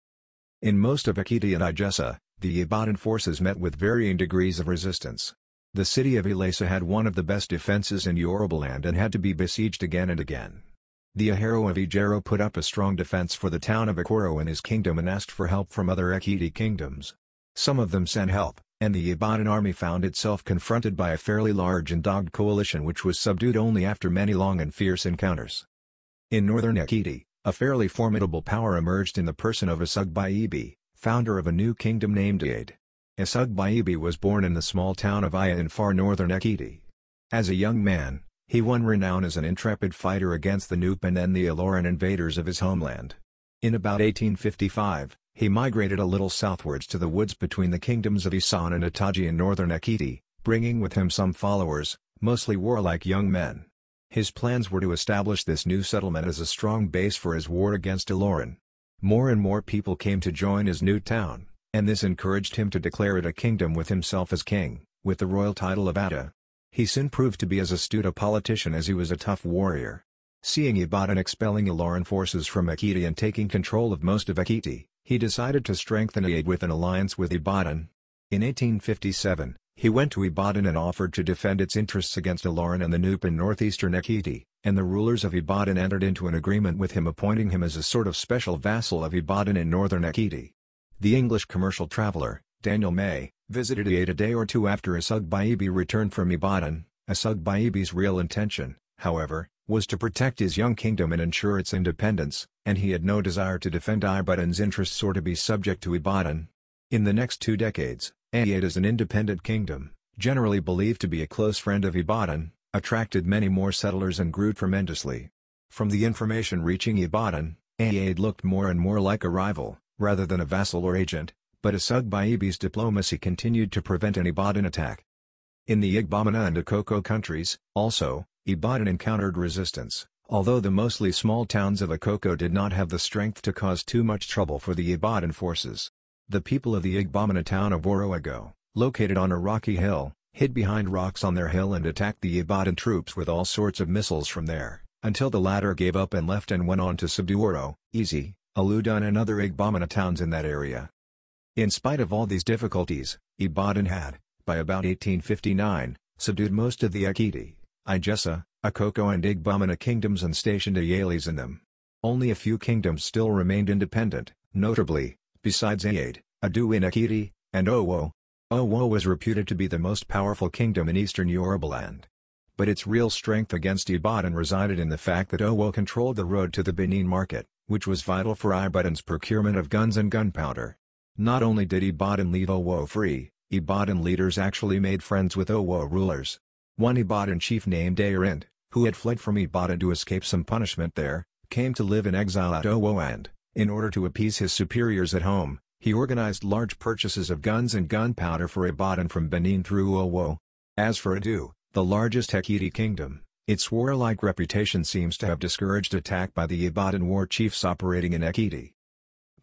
In most of Akiti and Igesa, the Ibadan forces met with varying degrees of resistance. The city of Ilesa had one of the best defenses in Yorubaland and had to be besieged again and again. The Ahero of Ijero put up a strong defense for the town of Akoro in his kingdom and asked for help from other Akiti kingdoms. Some of them sent help, and the Ibadan army found itself confronted by a fairly large and dogged coalition which was subdued only after many long and fierce encounters. In northern Akiti, a fairly formidable power emerged in the person of Asugbayibi, founder of a new kingdom named Iyad. Asugbayibi was born in the small town of Iya in far northern Ekiti. As a young man, he won renown as an intrepid fighter against the Noop and then the Aloran invaders of his homeland. In about 1855, he migrated a little southwards to the woods between the kingdoms of Isan and Ataji in northern Akiti, bringing with him some followers, mostly warlike young men. His plans were to establish this new settlement as a strong base for his war against Ilorin. More and more people came to join his new town, and this encouraged him to declare it a kingdom with himself as king, with the royal title of Atta. He soon proved to be as astute a politician as he was a tough warrior. Seeing Ibadan expelling Iloran forces from Akiti and taking control of most of Akiti, he decided to strengthen Aid with an alliance with Ibadan. In 1857, he went to Ibadan and offered to defend its interests against Ilorin and the Nup in northeastern Ekiti, and the rulers of Ibadan entered into an agreement with him appointing him as a sort of special vassal of Ibadan in northern Ekiti. The English commercial traveler, Daniel May, visited Iate a day or two after Asugbaebi returned from Ibadan. Asugbaebi's real intention, however, was to protect his young kingdom and ensure its independence, and he had no desire to defend Ibadan's interests or to be subject to Ibadan. In the next two decades, Ayod as an independent kingdom, generally believed to be a close friend of Ibadan, attracted many more settlers and grew tremendously. From the information reaching Ibadan, Ayod looked more and more like a rival, rather than a vassal or agent, but Asug Baibi's diplomacy continued to prevent an Ibadan attack. In the Igbamina and Akoko countries, also, Ibadan encountered resistance, although the mostly small towns of Akoko did not have the strength to cause too much trouble for the Ibadan forces. The people of the Igbomina town of Oroago, located on a rocky hill, hid behind rocks on their hill and attacked the Ibadan troops with all sorts of missiles from there, until the latter gave up and left and went on to subdue Oro, Easy, Aludan and other Igbomina towns in that area. In spite of all these difficulties, Ibadan had, by about 1859, subdued most of the Akiti, Ijesa, Akoko and Igbomina kingdoms and stationed Ayales in them. Only a few kingdoms still remained independent, notably, Besides Adou Adu Inakiri, and Owo, Owo was reputed to be the most powerful kingdom in eastern Yorubaland. But its real strength against Ibadan resided in the fact that Owo controlled the road to the Benin market, which was vital for Ibadan's procurement of guns and gunpowder. Not only did Ibadan leave Owo free, Ibadan leaders actually made friends with Owo rulers. One Ibadan chief named Ayarind, who had fled from Ibadan to escape some punishment there, came to live in exile at Owo and, in order to appease his superiors at home, he organized large purchases of guns and gunpowder for Ibadan from Benin through Owo. As for Adu, the largest Hekiti kingdom, its warlike reputation seems to have discouraged attack by the Ibadan war chiefs operating in Ekiti.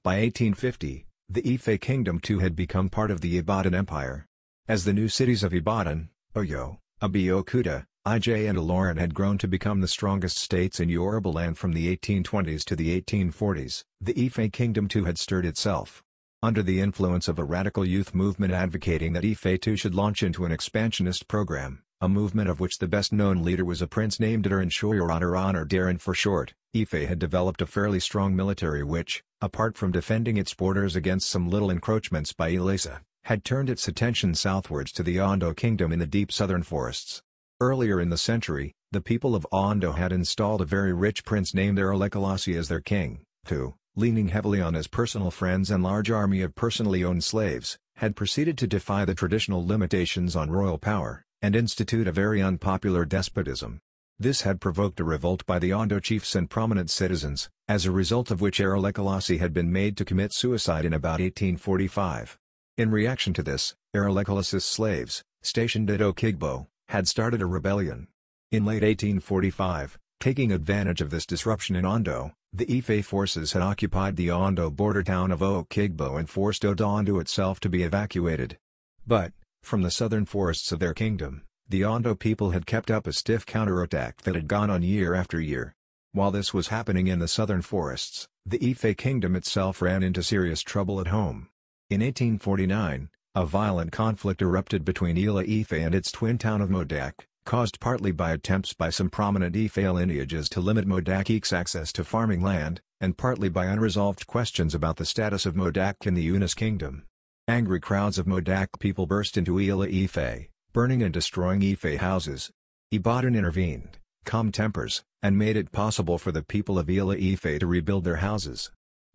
By 1850, the Ife kingdom too had become part of the Ibadan Empire. As the new cities of Ibadan, Oyo, Abeokuta, IJ and Ilorin had grown to become the strongest states in Yorubaland from the 1820s to the 1840s. The Ife kingdom too had stirred itself. Under the influence of a radical youth movement advocating that Ife too should launch into an expansionist program, a movement of which the best-known leader was a prince named Darin Shoyoran or Honor Darin for short, Ife had developed a fairly strong military which, apart from defending its borders against some little encroachments by Ilesa, had turned its attention southwards to the Ondo kingdom in the deep southern forests. Earlier in the century, the people of Ondo had installed a very rich prince named Erelekalasi as their king, who, leaning heavily on his personal friends and large army of personally owned slaves, had proceeded to defy the traditional limitations on royal power, and institute a very unpopular despotism. This had provoked a revolt by the Ondo chiefs and prominent citizens, as a result of which Erelekalasi had been made to commit suicide in about 1845. In reaction to this, Erelekalasi's slaves, stationed at Okigbo, had started a rebellion. In late 1845, taking advantage of this disruption in Ondo, the Ife forces had occupied the Ondo border town of Okigbo and forced Ondo itself to be evacuated. But, from the southern forests of their kingdom, the Ondo people had kept up a stiff counterattack that had gone on year after year. While this was happening in the southern forests, the Ife kingdom itself ran into serious trouble at home. In 1849, a violent conflict erupted between Ila Ife and its twin town of Modak, caused partly by attempts by some prominent Ife lineages to limit Modakik's access to farming land, and partly by unresolved questions about the status of Modak in the Yunus kingdom. Angry crowds of Modak people burst into Ila Ife, burning and destroying Ife houses. Ibadan intervened, calmed tempers, and made it possible for the people of Ila Ife to rebuild their houses.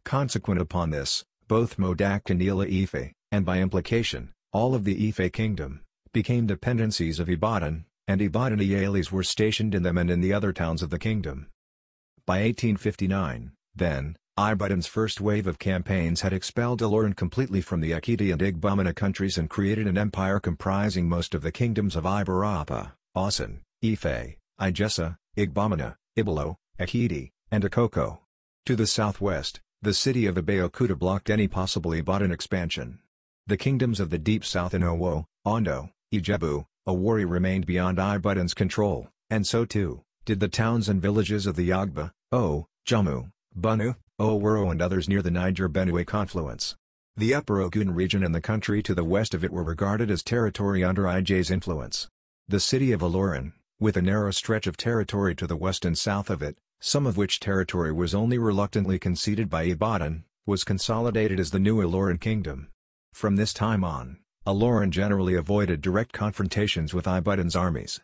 Consequent upon this, both Modak and Ila Ife, and by implication, all of the Ife kingdom, became dependencies of Ibadan, and Ibadan Ialis were stationed in them and in the other towns of the kingdom. By 1859, then, Ibadan's first wave of campaigns had expelled Ilorin completely from the Akiti and Igbamina countries and created an empire comprising most of the kingdoms of Ibarapa, Asan, Ife, Ijesa, Igbamina, Ibalo, Akiti, and Akoko. To the southwest, the city of Abeokuta blocked any possible Ibadan expansion. The kingdoms of the Deep South in Owo, Ondo, Ijebu, Awori remained beyond Ibadan's control, and so too, did the towns and villages of the Yagba, O, Jammu, Bunu, Owerro, and others near the Niger-Benue confluence. The Upper Ogun region and the country to the west of it were regarded as territory under IJ's influence. The city of Aloran, with a narrow stretch of territory to the west and south of it, some of which territory was only reluctantly conceded by Ibadan, was consolidated as the new Iloran kingdom. From this time on, Aloran generally avoided direct confrontations with Ibudin's armies.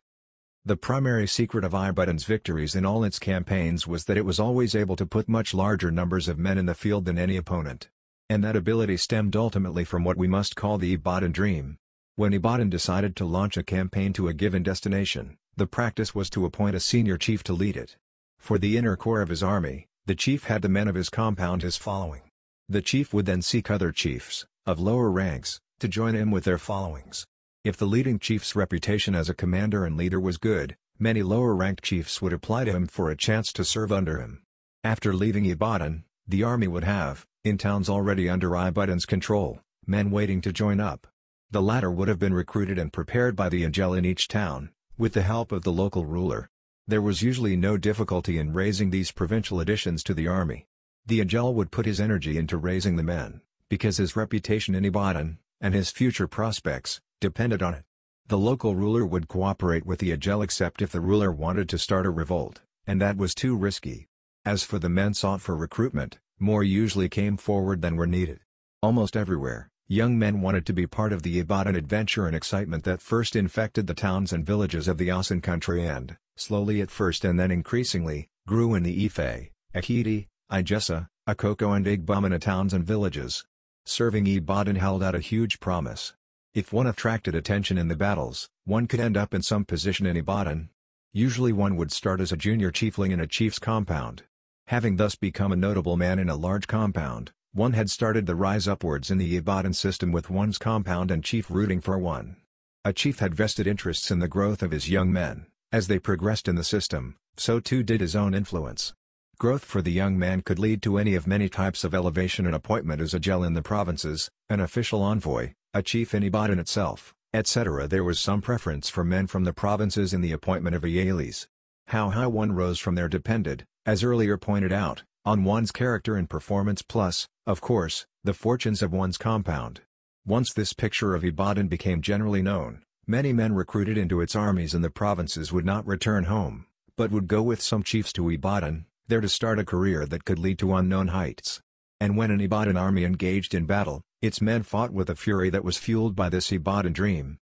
The primary secret of Ibudin's victories in all its campaigns was that it was always able to put much larger numbers of men in the field than any opponent. And that ability stemmed ultimately from what we must call the Ibadan dream. When Ibadan decided to launch a campaign to a given destination, the practice was to appoint a senior chief to lead it. For the inner core of his army, the chief had the men of his compound his following. The chief would then seek other chiefs, of lower ranks, to join in with their followings. If the leading chief's reputation as a commander and leader was good, many lower-ranked chiefs would apply to him for a chance to serve under him. After leaving Ibadan, the army would have, in towns already under Ibadan's control, men waiting to join up. The latter would have been recruited and prepared by the Angel in each town, with the help of the local ruler. There was usually no difficulty in raising these provincial additions to the army. The Angel would put his energy into raising the men, because his reputation in Ibadan, and his future prospects, depended on it. The local ruler would cooperate with the Ajel except if the ruler wanted to start a revolt, and that was too risky. As for the men sought for recruitment, more usually came forward than were needed. Almost everywhere, young men wanted to be part of the Ibadan adventure and excitement that first infected the towns and villages of the Asan country and, slowly at first and then increasingly, grew in the Ife, Akiti, Ijesa, Akoko and Igbamina towns and villages. Serving Ibadan held out a huge promise. If one attracted attention in the battles, one could end up in some position in Ibadan. Usually one would start as a junior chiefling in a chief's compound. Having thus become a notable man in a large compound, one had started the rise upwards in the Ibadan system with one's compound and chief rooting for one. A chief had vested interests in the growth of his young men, as they progressed in the system, so too did his own influence. Growth for the young man could lead to any of many types of elevation and appointment as a gel in the provinces, an official envoy, a chief in Ibadan itself, etc. There was some preference for men from the provinces in the appointment of Iyalis. How high one rose from there depended, as earlier pointed out, on one's character and performance plus, of course, the fortunes of one's compound. Once this picture of Ibadan became generally known, many men recruited into its armies in the provinces would not return home, but would go with some chiefs to Ibadan, there to start a career that could lead to unknown heights. And when an Ibadan army engaged in battle, its men fought with a fury that was fueled by this Ibadan dream.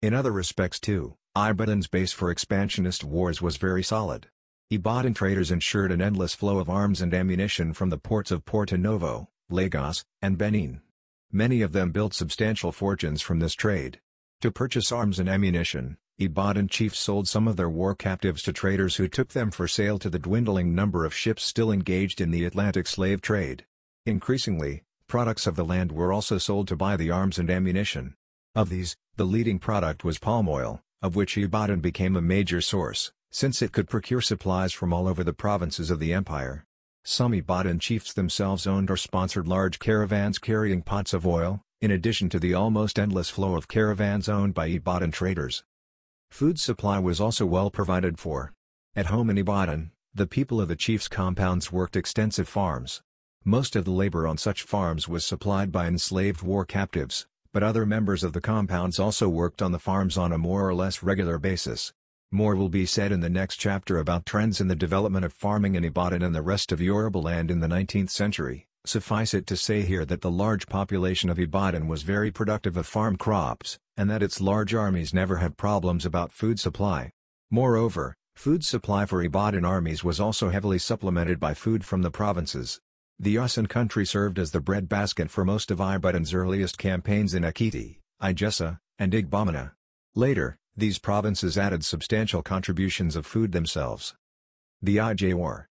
In other respects too, Ibadan's base for expansionist wars was very solid. Ibadan traders ensured an endless flow of arms and ammunition from the ports of Porto Novo, Lagos, and Benin. Many of them built substantial fortunes from this trade. To purchase arms and ammunition, Ibadan chiefs sold some of their war captives to traders who took them for sale to the dwindling number of ships still engaged in the Atlantic slave trade. Increasingly, products of the land were also sold to buy the arms and ammunition. Of these, the leading product was palm oil, of which Ibadan became a major source, since it could procure supplies from all over the provinces of the empire. Some Ibadan chiefs themselves owned or sponsored large caravans carrying pots of oil, in addition to the almost endless flow of caravans owned by Ibadan traders. Food supply was also well provided for. At home in Ibadan, the people of the chief's compounds worked extensive farms. Most of the labor on such farms was supplied by enslaved war captives, but other members of the compounds also worked on the farms on a more or less regular basis. More will be said in the next chapter about trends in the development of farming in Ibadan and the rest of Yoruba land in the 19th century. Suffice it to say here that the large population of Ibadan was very productive of farm crops, and that its large armies never had problems about food supply. Moreover, food supply for Ibadan armies was also heavily supplemented by food from the provinces. The Asan country served as the breadbasket for most of Ibadan's earliest campaigns in Akiti, Ijesa, and Igbamina. Later, these provinces added substantial contributions of food themselves. The Ij War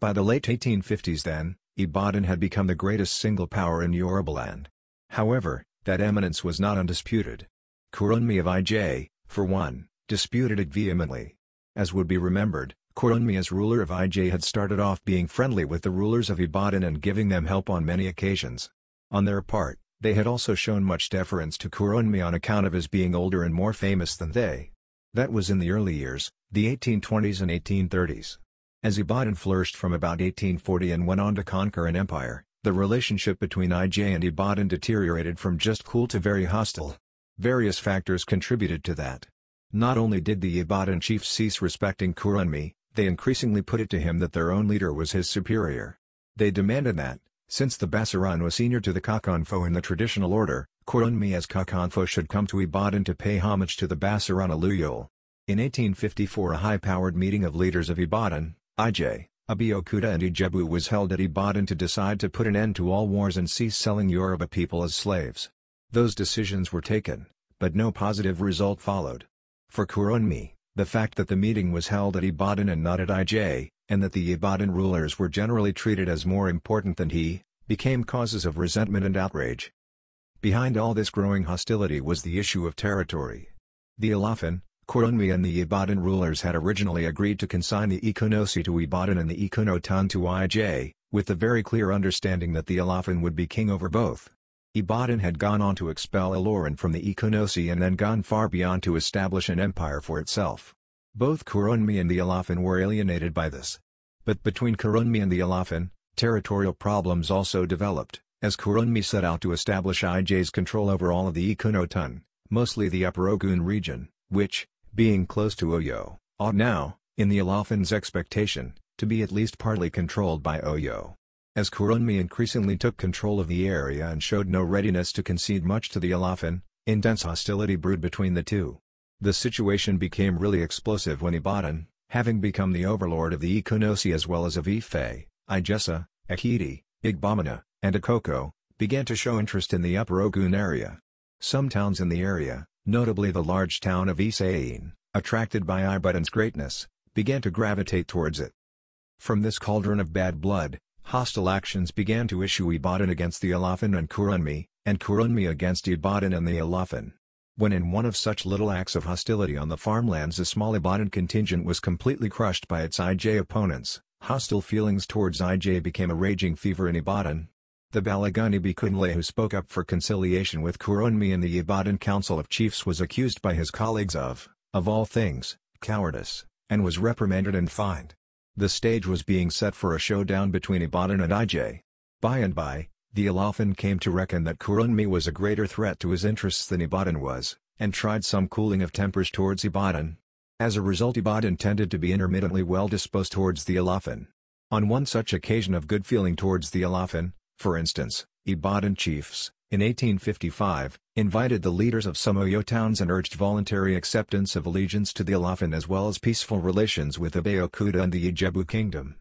By the late 1850s then, Ibadan had become the greatest single power in Yorubaland. However, that eminence was not undisputed. Kurunmi of IJ, for one, disputed it vehemently. As would be remembered, Kurunmi as ruler of IJ had started off being friendly with the rulers of Ibadan and giving them help on many occasions. On their part, they had also shown much deference to Kurunmi on account of his being older and more famous than they. That was in the early years, the 1820s and 1830s. As Ibadan flourished from about 1840 and went on to conquer an empire, the relationship between IJ and Ibadan deteriorated from just cool to very hostile. Various factors contributed to that. Not only did the Ibadan chiefs cease respecting Kurunmi, they increasingly put it to him that their own leader was his superior. They demanded that, since the Basaran was senior to the Kakanfo in the traditional order, Kurunmi as Kakanfo should come to Ibadan to pay homage to the Basaran Aluyol. In 1854 a high-powered meeting of leaders of Ibadan, IJ, Abiy Okuda and Ijebu was held at Ibadan to decide to put an end to all wars and cease selling Yoruba people as slaves. Those decisions were taken, but no positive result followed. For Kuronmi, the fact that the meeting was held at Ibadan and not at IJ, and that the Ibadan rulers were generally treated as more important than he, became causes of resentment and outrage. Behind all this growing hostility was the issue of territory. The Alafin, Koromi and the Ibadan rulers had originally agreed to consign the Ikonosi to Ibadan and the Ikonotan to IJ, with the very clear understanding that the Alafin would be king over both. Ibadan had gone on to expel Iloran from the Ikonosi and then gone far beyond to establish an empire for itself. Both Kuronmi and the Alafin were alienated by this. But between Kuronmi and the Alafin, territorial problems also developed, as Kuronmi set out to establish IJ's control over all of the Ikonotan, mostly the Upper Ogun region, which, being close to Oyo, ought now, in the Alafin's expectation, to be at least partly controlled by Oyo. As Kurunmi increasingly took control of the area and showed no readiness to concede much to the Alafin, intense hostility brewed between the two. The situation became really explosive when Ibadan, having become the overlord of the Ikonosi as well as of Ife, Igessa, Akiti, Igbamina, and Akoko, began to show interest in the upper Ogun area. Some towns in the area, Notably the large town of Isaine, attracted by Ibadan's greatness, began to gravitate towards it. From this cauldron of bad blood, hostile actions began to issue Ibadan against the Alafin and Kurunmi, and Kurunmi against Ibadan and the Alafin. When in one of such little acts of hostility on the farmlands a small Ibadan contingent was completely crushed by its IJ opponents, hostile feelings towards IJ became a raging fever in Ibadan, the Balagani Bikunle who spoke up for conciliation with Kurunmi in the Ibadan Council of Chiefs was accused by his colleagues of, of all things, cowardice, and was reprimanded and fined. The stage was being set for a showdown between Ibadan and IJ. By and by, the Ilafan came to reckon that Kurunmi was a greater threat to his interests than Ibadan was, and tried some cooling of tempers towards Ibadan. As a result Ibadan tended to be intermittently well disposed towards the Ilafan. On one such occasion of good feeling towards the Ilafan, for instance, Ibadan chiefs, in 1855, invited the leaders of some Oyo towns and urged voluntary acceptance of allegiance to the Alafin as well as peaceful relations with Abayo Kuta and the Ijebu kingdom.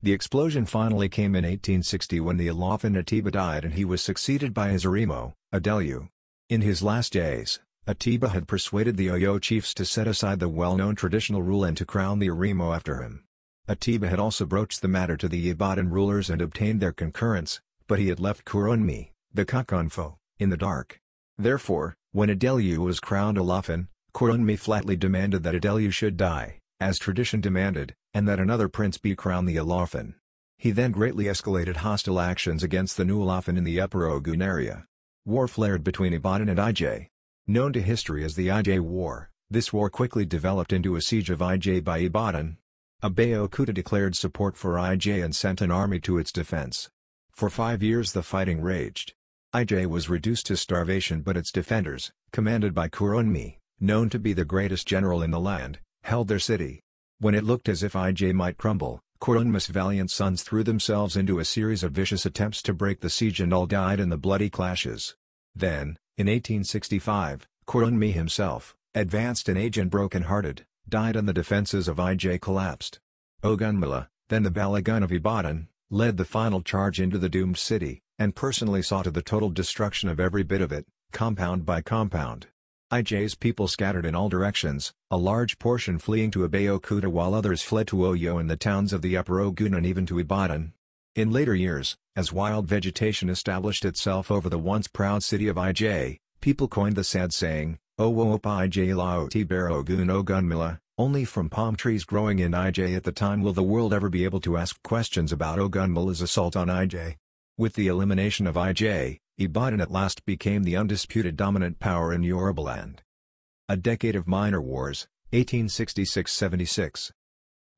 The explosion finally came in 1860 when the Alafin Atiba died and he was succeeded by his Arimo, Adelu. In his last days, Atiba had persuaded the Oyo chiefs to set aside the well-known traditional rule and to crown the Arimo after him. Atiba had also broached the matter to the Ibadan rulers and obtained their concurrence, but he had left Kuronmi, the Kakonfo, in the dark. Therefore, when Adelu was crowned Olafin, Kuronmi flatly demanded that Adelu should die, as tradition demanded, and that another prince be crowned the Olafin. He then greatly escalated hostile actions against the new Olafin in the Upper Ogun area. War flared between Ibadan and IJ. Known to history as the IJ War, this war quickly developed into a siege of IJ by Ibadan. Abeokuta declared support for IJ and sent an army to its defense. For five years the fighting raged. IJ was reduced to starvation but its defenders, commanded by Kuronmi, known to be the greatest general in the land, held their city. When it looked as if IJ might crumble, Kuronmi's valiant sons threw themselves into a series of vicious attempts to break the siege and all died in the bloody clashes. Then, in 1865, Kuronmi himself, advanced in age and broken-hearted, died and the defenses of IJ collapsed. Ogunmila, then the Balagun of Ibadan, led the final charge into the doomed city, and personally saw to the total destruction of every bit of it, compound by compound. IJ's people scattered in all directions, a large portion fleeing to Abeokuta while others fled to Oyo and the towns of the upper Ogun and even to Ibadan. In later years, as wild vegetation established itself over the once proud city of IJ, people coined the sad saying, Owo Opa IJ oti Baro Ogun Ogunmila, only from palm trees growing in IJ at the time will the world ever be able to ask questions about Ogunmala's oh, assault on IJ. With the elimination of IJ, Ibadan at last became the undisputed dominant power in Yorubaland. A decade of minor wars, 1866-76.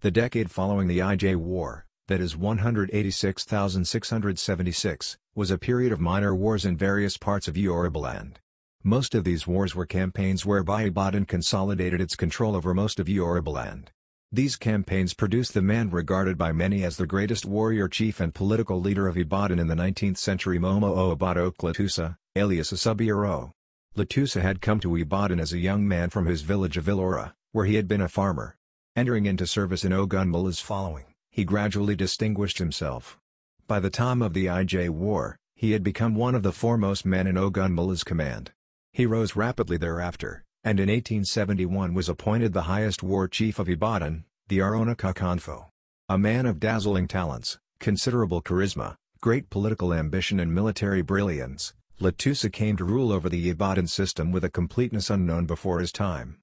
The decade following the IJ War, that is 186,676, was a period of minor wars in various parts of Yorubaland. Most of these wars were campaigns where Ibadan consolidated its control over most of Yorubaland. These campaigns produced the man regarded by many as the greatest warrior chief and political leader of Ibadan in the 19th century Momo Obadok Latusa, alias Asubiero. Latusa had come to Ibadan as a young man from his village of Ilora, where he had been a farmer. Entering into service in Ogunmala's following, he gradually distinguished himself. By the time of the IJ War, he had become one of the foremost men in Ogunmala's command. He rose rapidly thereafter, and in 1871 was appointed the highest war chief of Ibadan, the Arona Kakanfo. A man of dazzling talents, considerable charisma, great political ambition and military brilliance, Latusa came to rule over the Ibadan system with a completeness unknown before his time.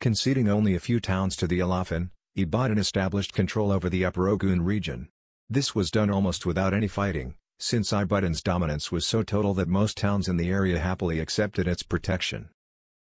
Conceding only a few towns to the Alafin, Ibadan established control over the Upper Ogun region. This was done almost without any fighting, since Ibutan's dominance was so total that most towns in the area happily accepted its protection.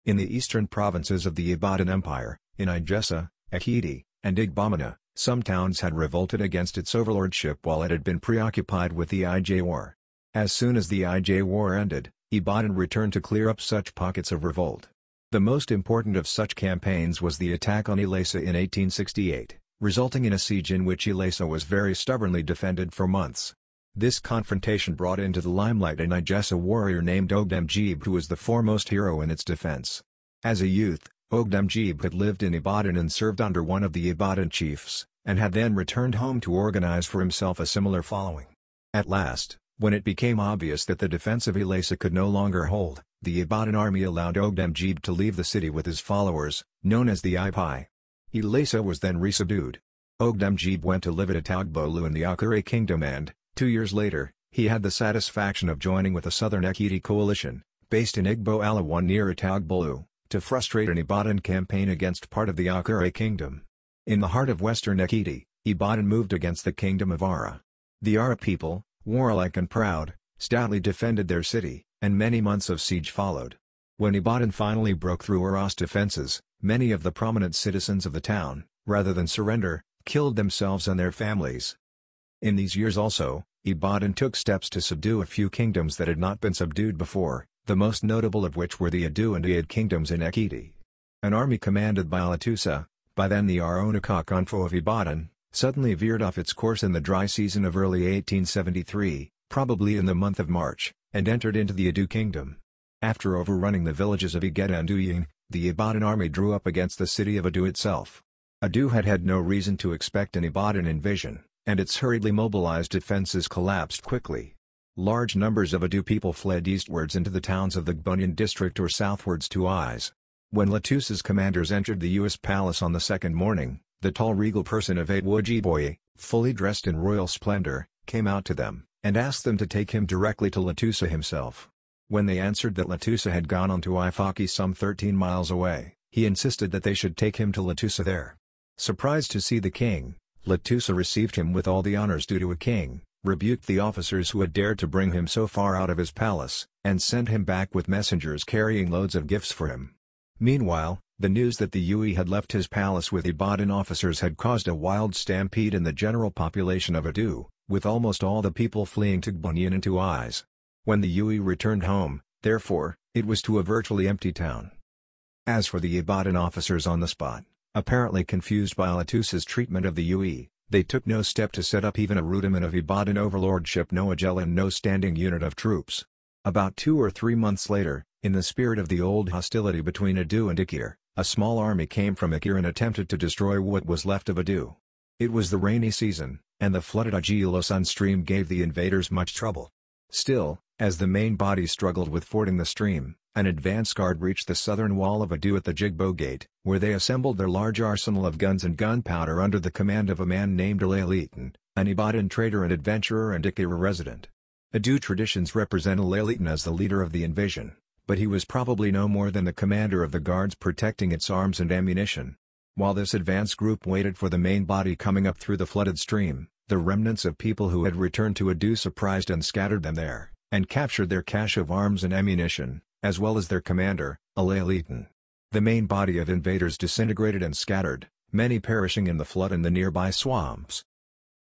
In the eastern provinces of the Ibadan Empire, in Igessa, Akiti, and Igbamina, some towns had revolted against its overlordship while it had been preoccupied with the IJ War. As soon as the IJ War ended, Ibadan returned to clear up such pockets of revolt. The most important of such campaigns was the attack on Ilesa in 1868, resulting in a siege in which Ilesa was very stubbornly defended for months. This confrontation brought into the limelight a Ijesa warrior named Ogdemjib who was the foremost hero in its defense. As a youth, Ogdemjib had lived in Ibadan and served under one of the Ibadan chiefs, and had then returned home to organize for himself a similar following. At last, when it became obvious that the defense of Ilasa could no longer hold, the Ibadan army allowed Ogdemjib to leave the city with his followers, known as the Ipai. Ilasa was then resubdued. Ogdemjib went to live at Atagbolu in the Akure kingdom and, Two years later, he had the satisfaction of joining with a southern Ekiti coalition, based in Igbo Alawan near Itagbolu, to frustrate an Ibadan campaign against part of the Akure kingdom. In the heart of western Ekiti, Ibadan moved against the kingdom of Ara. The Ara people, warlike and proud, stoutly defended their city, and many months of siege followed. When Ibadan finally broke through Ara's defenses, many of the prominent citizens of the town, rather than surrender, killed themselves and their families. In these years also, Ibadan took steps to subdue a few kingdoms that had not been subdued before, the most notable of which were the Adu and Iad kingdoms in Ekiti. An army commanded by Alatusa, by then the Aronaka Konfo of Ibadan, suddenly veered off its course in the dry season of early 1873, probably in the month of March, and entered into the Adu kingdom. After overrunning the villages of Igeta and Uying, the Ibadan army drew up against the city of Adu itself. Adu had had no reason to expect an Ibadan invasion and its hurriedly mobilized defenses collapsed quickly. Large numbers of Adu people fled eastwards into the towns of the Bunyan district or southwards to Eyes. When Latusa's commanders entered the U.S. palace on the second morning, the tall regal person of Atwajiboye, fully dressed in royal splendor, came out to them, and asked them to take him directly to Latusa himself. When they answered that Latusa had gone on to Ifaki some 13 miles away, he insisted that they should take him to Latusa there. Surprised to see the king, Letusa received him with all the honors due to a king, rebuked the officers who had dared to bring him so far out of his palace, and sent him back with messengers carrying loads of gifts for him. Meanwhile, the news that the Yui had left his palace with Ibadan officers had caused a wild stampede in the general population of Adu, with almost all the people fleeing to Gbunyan and to Eyes. When the Yui returned home, therefore, it was to a virtually empty town. As for the Ibadan officers on the spot, Apparently confused by Alatus's treatment of the UE, they took no step to set up even a rudiment of Ibadan overlordship no agela, and no standing unit of troops. About two or three months later, in the spirit of the old hostility between Adu and Ikir, a small army came from Ikir and attempted to destroy what was left of Adu. It was the rainy season, and the flooded Ajila stream gave the invaders much trouble. Still, as the main body struggled with fording the stream, an advance guard reached the southern wall of Adu at the Jigbo Gate, where they assembled their large arsenal of guns and gunpowder under the command of a man named Alail Eaton, an Ibadan trader and adventurer and Ikira resident. Adu traditions represent Alail Eaton as the leader of the invasion, but he was probably no more than the commander of the guards protecting its arms and ammunition. While this advance group waited for the main body coming up through the flooded stream, the remnants of people who had returned to Adu surprised and scattered them there, and captured their cache of arms and ammunition as well as their commander, Alail Eaton. The main body of invaders disintegrated and scattered, many perishing in the flood in the nearby swamps.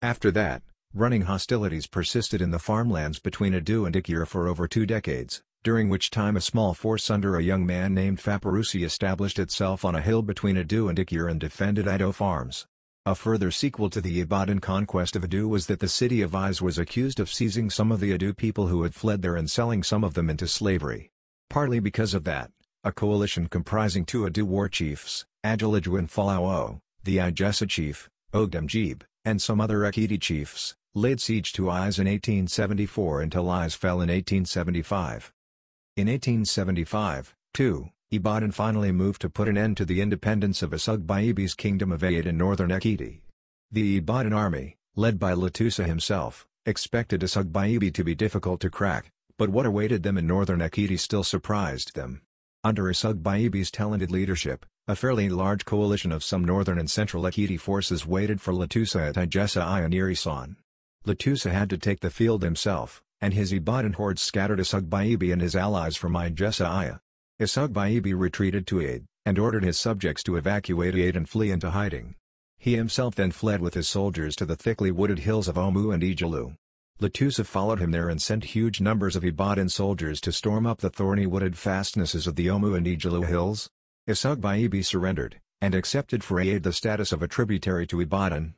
After that, running hostilities persisted in the farmlands between Adu and Ikir for over two decades, during which time a small force under a young man named Faparusi established itself on a hill between Adu and Ikir and defended Ido farms. A further sequel to the Ibadan conquest of Adu was that the city of Iz was accused of seizing some of the Adu people who had fled there and selling some of them into slavery. Partly because of that, a coalition comprising two Adu war chiefs, Agilajwin Falao, the Ijesa chief, Ogdemjib, and some other Akiti chiefs, laid siege to Is in 1874 until Is fell in 1875. In 1875, too, Ibadan finally moved to put an end to the independence of Asug by Ibi's kingdom of Ayad in northern Akiti. The Ibadan army, led by Latusa himself, expected Asug by Ibi to be difficult to crack, but what awaited them in northern Akiti still surprised them. Under Isug Baibi's talented leadership, a fairly large coalition of some northern and central Akiti forces waited for Latusa at Ijesa Ionirisan. Latusa had to take the field himself, and his Ibadan hordes scattered Isug Baibi and his allies from Ijesa Iya. Isug Baibi retreated to aid, and ordered his subjects to evacuate aid and flee into hiding. He himself then fled with his soldiers to the thickly wooded hills of Omu and Ijalu. Latuza followed him there and sent huge numbers of Ibadan soldiers to storm up the thorny wooded fastnesses of the Omu and Ijalu hills. Isugbaebi surrendered, and accepted for aid the status of a tributary to Ibadan.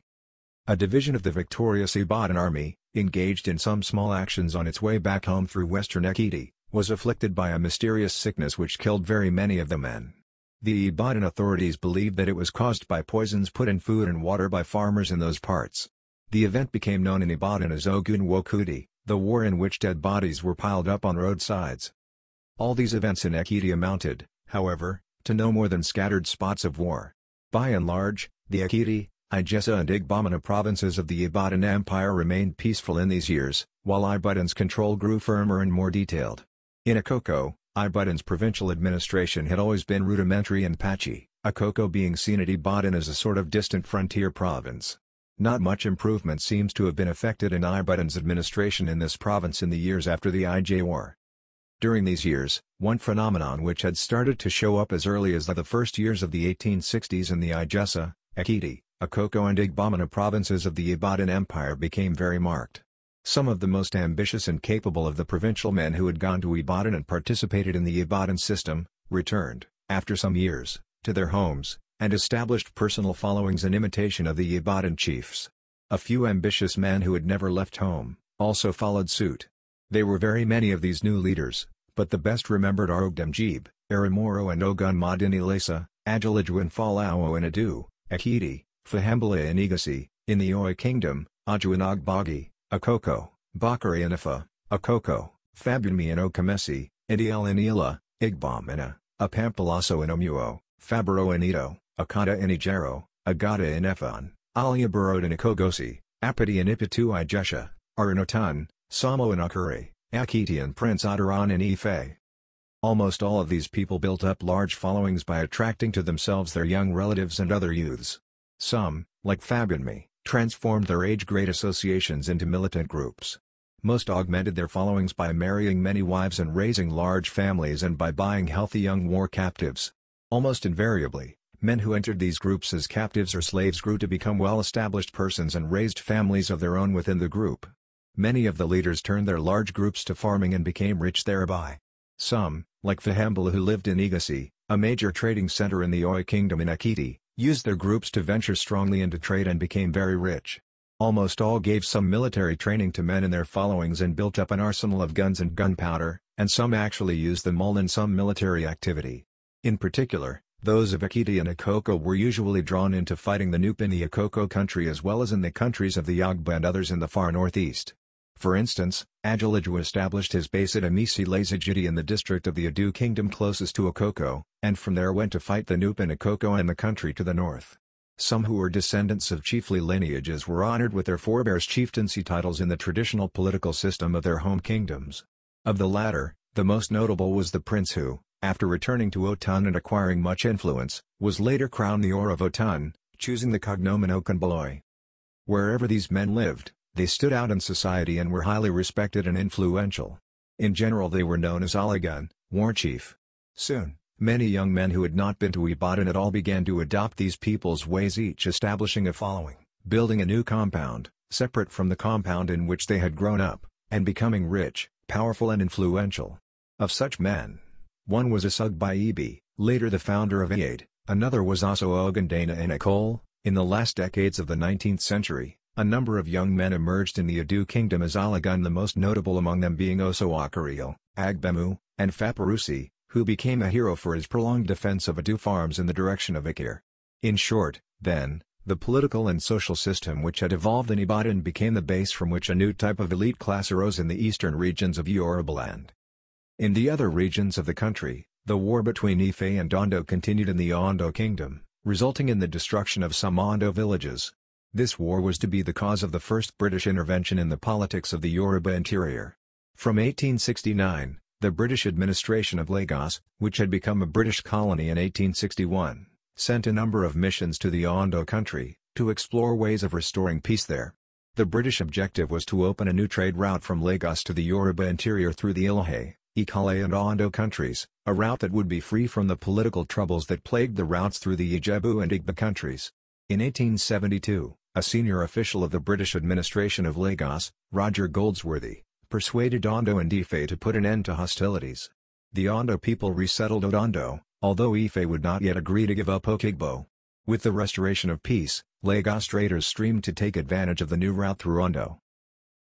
A division of the victorious Ibadan army, engaged in some small actions on its way back home through western Ekiti, was afflicted by a mysterious sickness which killed very many of the men. The Ibadan authorities believed that it was caused by poisons put in food and water by farmers in those parts. The event became known in Ibadan as Ogun Wokudi, the war in which dead bodies were piled up on roadsides. All these events in Ekiti amounted, however, to no more than scattered spots of war. By and large, the Ekiti, Ijesa and Igbamina provinces of the Ibadan Empire remained peaceful in these years, while Ibadan's control grew firmer and more detailed. In Akoko, Ibadan's provincial administration had always been rudimentary and patchy, Akoko being seen at Ibadan as a sort of distant frontier province. Not much improvement seems to have been effected in Ibadan's administration in this province in the years after the IJ War. During these years, one phenomenon which had started to show up as early as the first years of the 1860s in the Ijesa, Akiti, Akoko and Igbamina provinces of the Ibadan Empire became very marked. Some of the most ambitious and capable of the provincial men who had gone to Ibadan and participated in the Ibadan system, returned, after some years, to their homes, and established personal followings in imitation of the Ibadan chiefs. A few ambitious men who had never left home, also followed suit. They were very many of these new leaders, but the best remembered are Ogdemjib, Aramoro and Ogun Madini Lesa, Agilajwan and Adu, Akiti, Fahembala and Igasi, in the Oi Kingdom, Ajuanagbagi, Akoko, Bakari and Ifa, Akoko, Fabunmi and Okamesi, Idiel and Ila, Igbam and A, Apampalaso and Omuo, Fabro and Ito, Akata in Ijaro, Agata in Ephon, Aliaburod in Akogosi, Apati in Ipitu i Jesha, Arinotan, Samo in Akuri, Akiti and Prince Adaran in Ife. Almost all of these people built up large followings by attracting to themselves their young relatives and other youths. Some, like Fab and me, transformed their age-grade associations into militant groups. Most augmented their followings by marrying many wives and raising large families and by buying healthy young war captives. Almost invariably, Men who entered these groups as captives or slaves grew to become well-established persons and raised families of their own within the group. Many of the leaders turned their large groups to farming and became rich thereby. Some, like Fahambala who lived in Igasi, a major trading center in the Oi kingdom in Akiti, used their groups to venture strongly into trade and became very rich. Almost all gave some military training to men in their followings and built up an arsenal of guns and gunpowder, and some actually used them all in some military activity. In particular, those of Akiti and Akoko were usually drawn into fighting the Noop in the Akoko country as well as in the countries of the Yagba and others in the far northeast. For instance, Ajilaju established his base at Amisi Lazajidi in the district of the Adu kingdom closest to Akoko, and from there went to fight the Noop in Akoko and the country to the north. Some who were descendants of chiefly lineages were honored with their forebears' chieftaincy titles in the traditional political system of their home kingdoms. Of the latter, the most notable was the prince who, after returning to Otan and acquiring much influence, was later crowned the Ora of Otan, choosing the cognomen Okanbaloi. Wherever these men lived, they stood out in society and were highly respected and influential. In general they were known as Aligan, war chief. Soon, many young men who had not been to Ibadan at all began to adopt these people's ways each establishing a following, building a new compound, separate from the compound in which they had grown up, and becoming rich, powerful and influential. Of such men, one was Asug Baibi, later the founder of AID, another was Aso Ogundana and Ecole. In the last decades of the 19th century, a number of young men emerged in the Adu kingdom as Alagun the most notable among them being Oso Akario, Agbemu, and Faparusi, who became a hero for his prolonged defense of Adu farms in the direction of Akir. In short, then, the political and social system which had evolved in Ibadan became the base from which a new type of elite class arose in the eastern regions of Yorubaland. In the other regions of the country, the war between Ife and Ondo continued in the Ondo kingdom, resulting in the destruction of some Ondo villages. This war was to be the cause of the first British intervention in the politics of the Yoruba interior. From 1869, the British administration of Lagos, which had become a British colony in 1861, sent a number of missions to the Ondo country, to explore ways of restoring peace there. The British objective was to open a new trade route from Lagos to the Yoruba interior through the Ilhe, Ikale and Ondo countries, a route that would be free from the political troubles that plagued the routes through the Ijebu and Igbo countries. In 1872, a senior official of the British administration of Lagos, Roger Goldsworthy, persuaded Ondo and Ife to put an end to hostilities. The Ondo people resettled Ondo, although Ife would not yet agree to give up Okigbo. With the restoration of peace, Lagos traders streamed to take advantage of the new route through Ondo.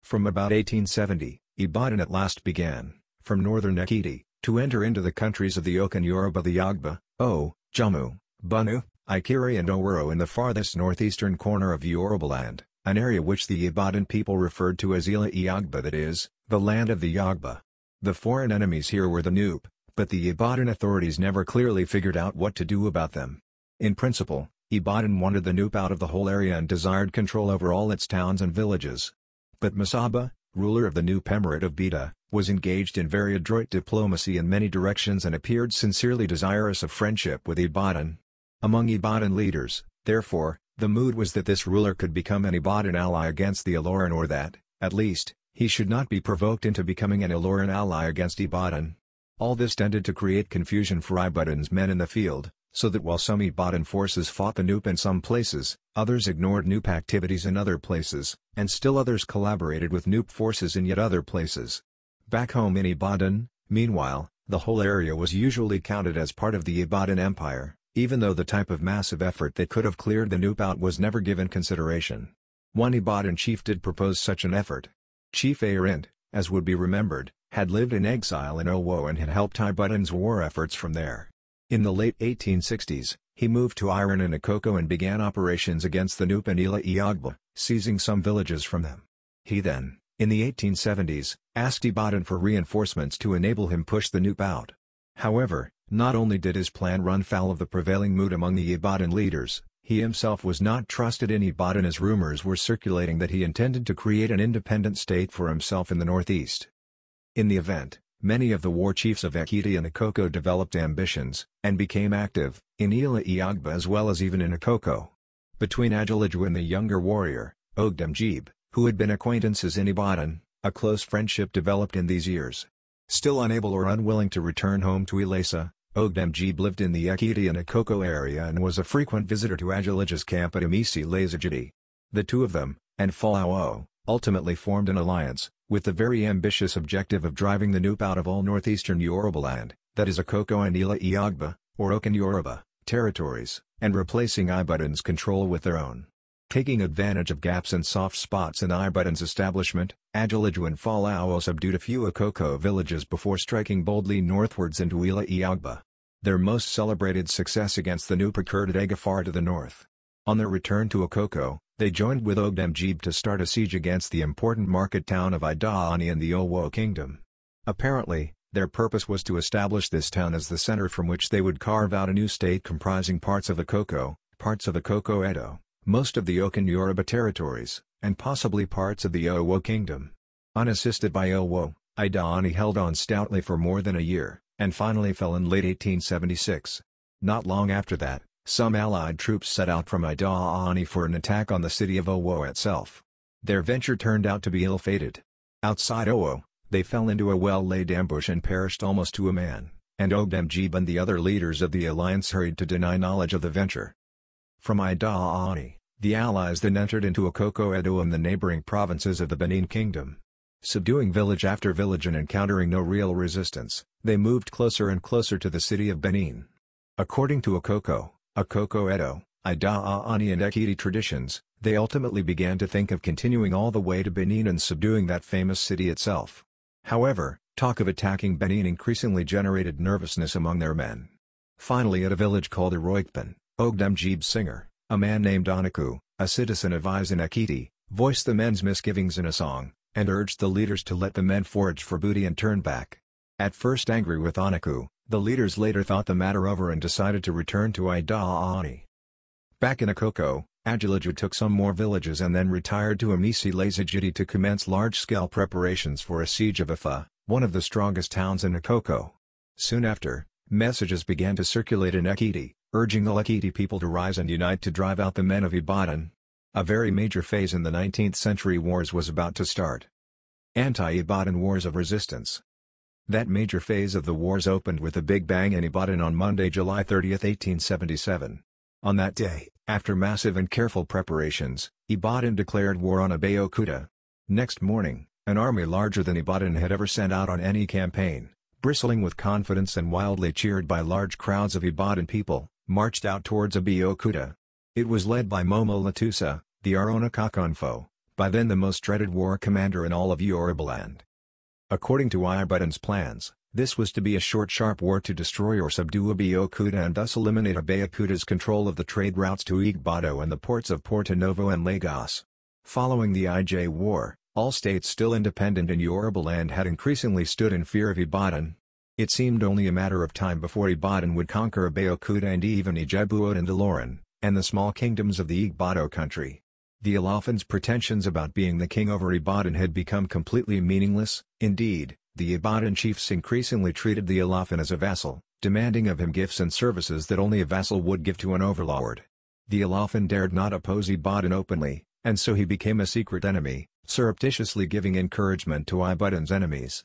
From about 1870, Ibadan at last began from northern Ekiti, to enter into the countries of the Okan Yoruba the Yagba, O, Jammu, Bunu, Ikiri and Oworo in the farthest northeastern corner of Yorubaland, an area which the Ibadan people referred to as Ila Yagba—that that is, the land of the Yagba. The foreign enemies here were the Nupe, but the Ibadan authorities never clearly figured out what to do about them. In principle, Ibadan wanted the Nupe out of the whole area and desired control over all its towns and villages. But Masaba, ruler of the new Pemirate of Beta, was engaged in very adroit diplomacy in many directions and appeared sincerely desirous of friendship with Ibadan. Among Ibadan leaders, therefore, the mood was that this ruler could become an Ibadan ally against the Iloran or that, at least, he should not be provoked into becoming an Iloran ally against Ibadan. All this tended to create confusion for Ibadan's men in the field, so that while some Ibadan forces fought the NUP in some places, others ignored NUP activities in other places, and still others collaborated with NUP forces in yet other places. Back home in Ibadan, meanwhile, the whole area was usually counted as part of the Ibadan Empire, even though the type of massive effort that could have cleared the NUP out was never given consideration. One Ibadan chief did propose such an effort. Chief Arind, as would be remembered, had lived in exile in Owo and had helped Ibadan's war efforts from there. In the late 1860s, he moved to Iron and Akoko and began operations against the Nupanila Iagba, seizing some villages from them. He then, in the 1870s, asked Ibadan for reinforcements to enable him push the Nup out. However, not only did his plan run foul of the prevailing mood among the Ibadan leaders, he himself was not trusted in Ibadan as rumors were circulating that he intended to create an independent state for himself in the northeast. In the event, Many of the war chiefs of Ekiti and Akoko developed ambitions, and became active, in Ila Iagba as well as even in Akoko. Between Agilaju and the younger warrior, Ogdemjib, who had been acquaintances in Ibadan, a close friendship developed in these years. Still unable or unwilling to return home to Ilesa, Ogdemjib lived in the Ekiti and Akoko area and was a frequent visitor to Agilaju's camp at Amisi Lazajidi. The two of them, and Falao, ultimately formed an alliance, with the very ambitious objective of driving the Noop out of all northeastern Yorubaland, that is Okoko and Ila Iagba, or Okan Yoruba, territories, and replacing Ibutan's control with their own. Taking advantage of gaps and soft spots in Ibutan's establishment, Agiliju and Falao subdued a few Okoko villages before striking boldly northwards into Ila Iagba. Their most celebrated success against the Noop occurred at Agafar to the north. On their return to Okoko, they joined with Ogdemjib to start a siege against the important market town of Idaani in the Owo kingdom. Apparently, their purpose was to establish this town as the center from which they would carve out a new state comprising parts of Okoko, parts of Okoko Edo, most of the Okan Yoruba territories, and possibly parts of the Owo kingdom. Unassisted by Owo, Idaani held on stoutly for more than a year, and finally fell in late 1876. Not long after that, some Allied troops set out from Idaani for an attack on the city of Owo itself. Their venture turned out to be ill-fated. Outside Owo, they fell into a well-laid ambush and perished almost to a man, and Ogdemjib and the other leaders of the alliance hurried to deny knowledge of the venture. From Idaani, the Allies then entered into a Edo and the neighboring provinces of the Benin Kingdom. Subduing village after village and encountering no real resistance, they moved closer and closer to the city of Benin. According to Okoko, Akoko Edo, Ida Aani and Ekiti traditions, they ultimately began to think of continuing all the way to Benin and subduing that famous city itself. However, talk of attacking Benin increasingly generated nervousness among their men. Finally at a village called Iroikpan, Ogdemjib Singer, a man named Anaku, a citizen of Izanakiti, voiced the men's misgivings in a song, and urged the leaders to let the men forage for booty and turn back. At first angry with Anaku, the leaders later thought the matter over and decided to return to Idaani. Back in Akoko, Agilaju took some more villages and then retired to Amisi Lazajidi to commence large-scale preparations for a siege of Ifa, one of the strongest towns in Akoko. Soon after, messages began to circulate in Ekiti, urging the Lakiti people to rise and unite to drive out the men of Ibadan. A very major phase in the 19th century wars was about to start. Anti-Ibadan Wars of Resistance that major phase of the wars opened with a big bang in Ibadan on Monday, July 30, 1877. On that day, after massive and careful preparations, Ibadan declared war on Abe Kuta. Next morning, an army larger than Ibadan had ever sent out on any campaign, bristling with confidence and wildly cheered by large crowds of Ibadan people, marched out towards Abe Kuta. It was led by Momo Latusa, the Arona Kakonfo, by then the most dreaded war commander in all of Yorubaland. According to Ibadan's plans, this was to be a short sharp war to destroy or subdue Abeokuta and thus eliminate Abeokuta's control of the trade routes to Igbodo and the ports of Porto Novo and Lagos. Following the IJ War, all states still independent in Yorubaland had increasingly stood in fear of Ibadan. It seemed only a matter of time before Ibadan would conquer Abeokuta and even Ijebuod and Ilorin, and the small kingdoms of the Igbodo country. The Ilafans' pretensions about being the king over Ibadan had become completely meaningless, indeed, the Ibadan chiefs increasingly treated the Ilafan as a vassal, demanding of him gifts and services that only a vassal would give to an overlord. The Ilafan dared not oppose Ibadan openly, and so he became a secret enemy, surreptitiously giving encouragement to Ibadan's enemies.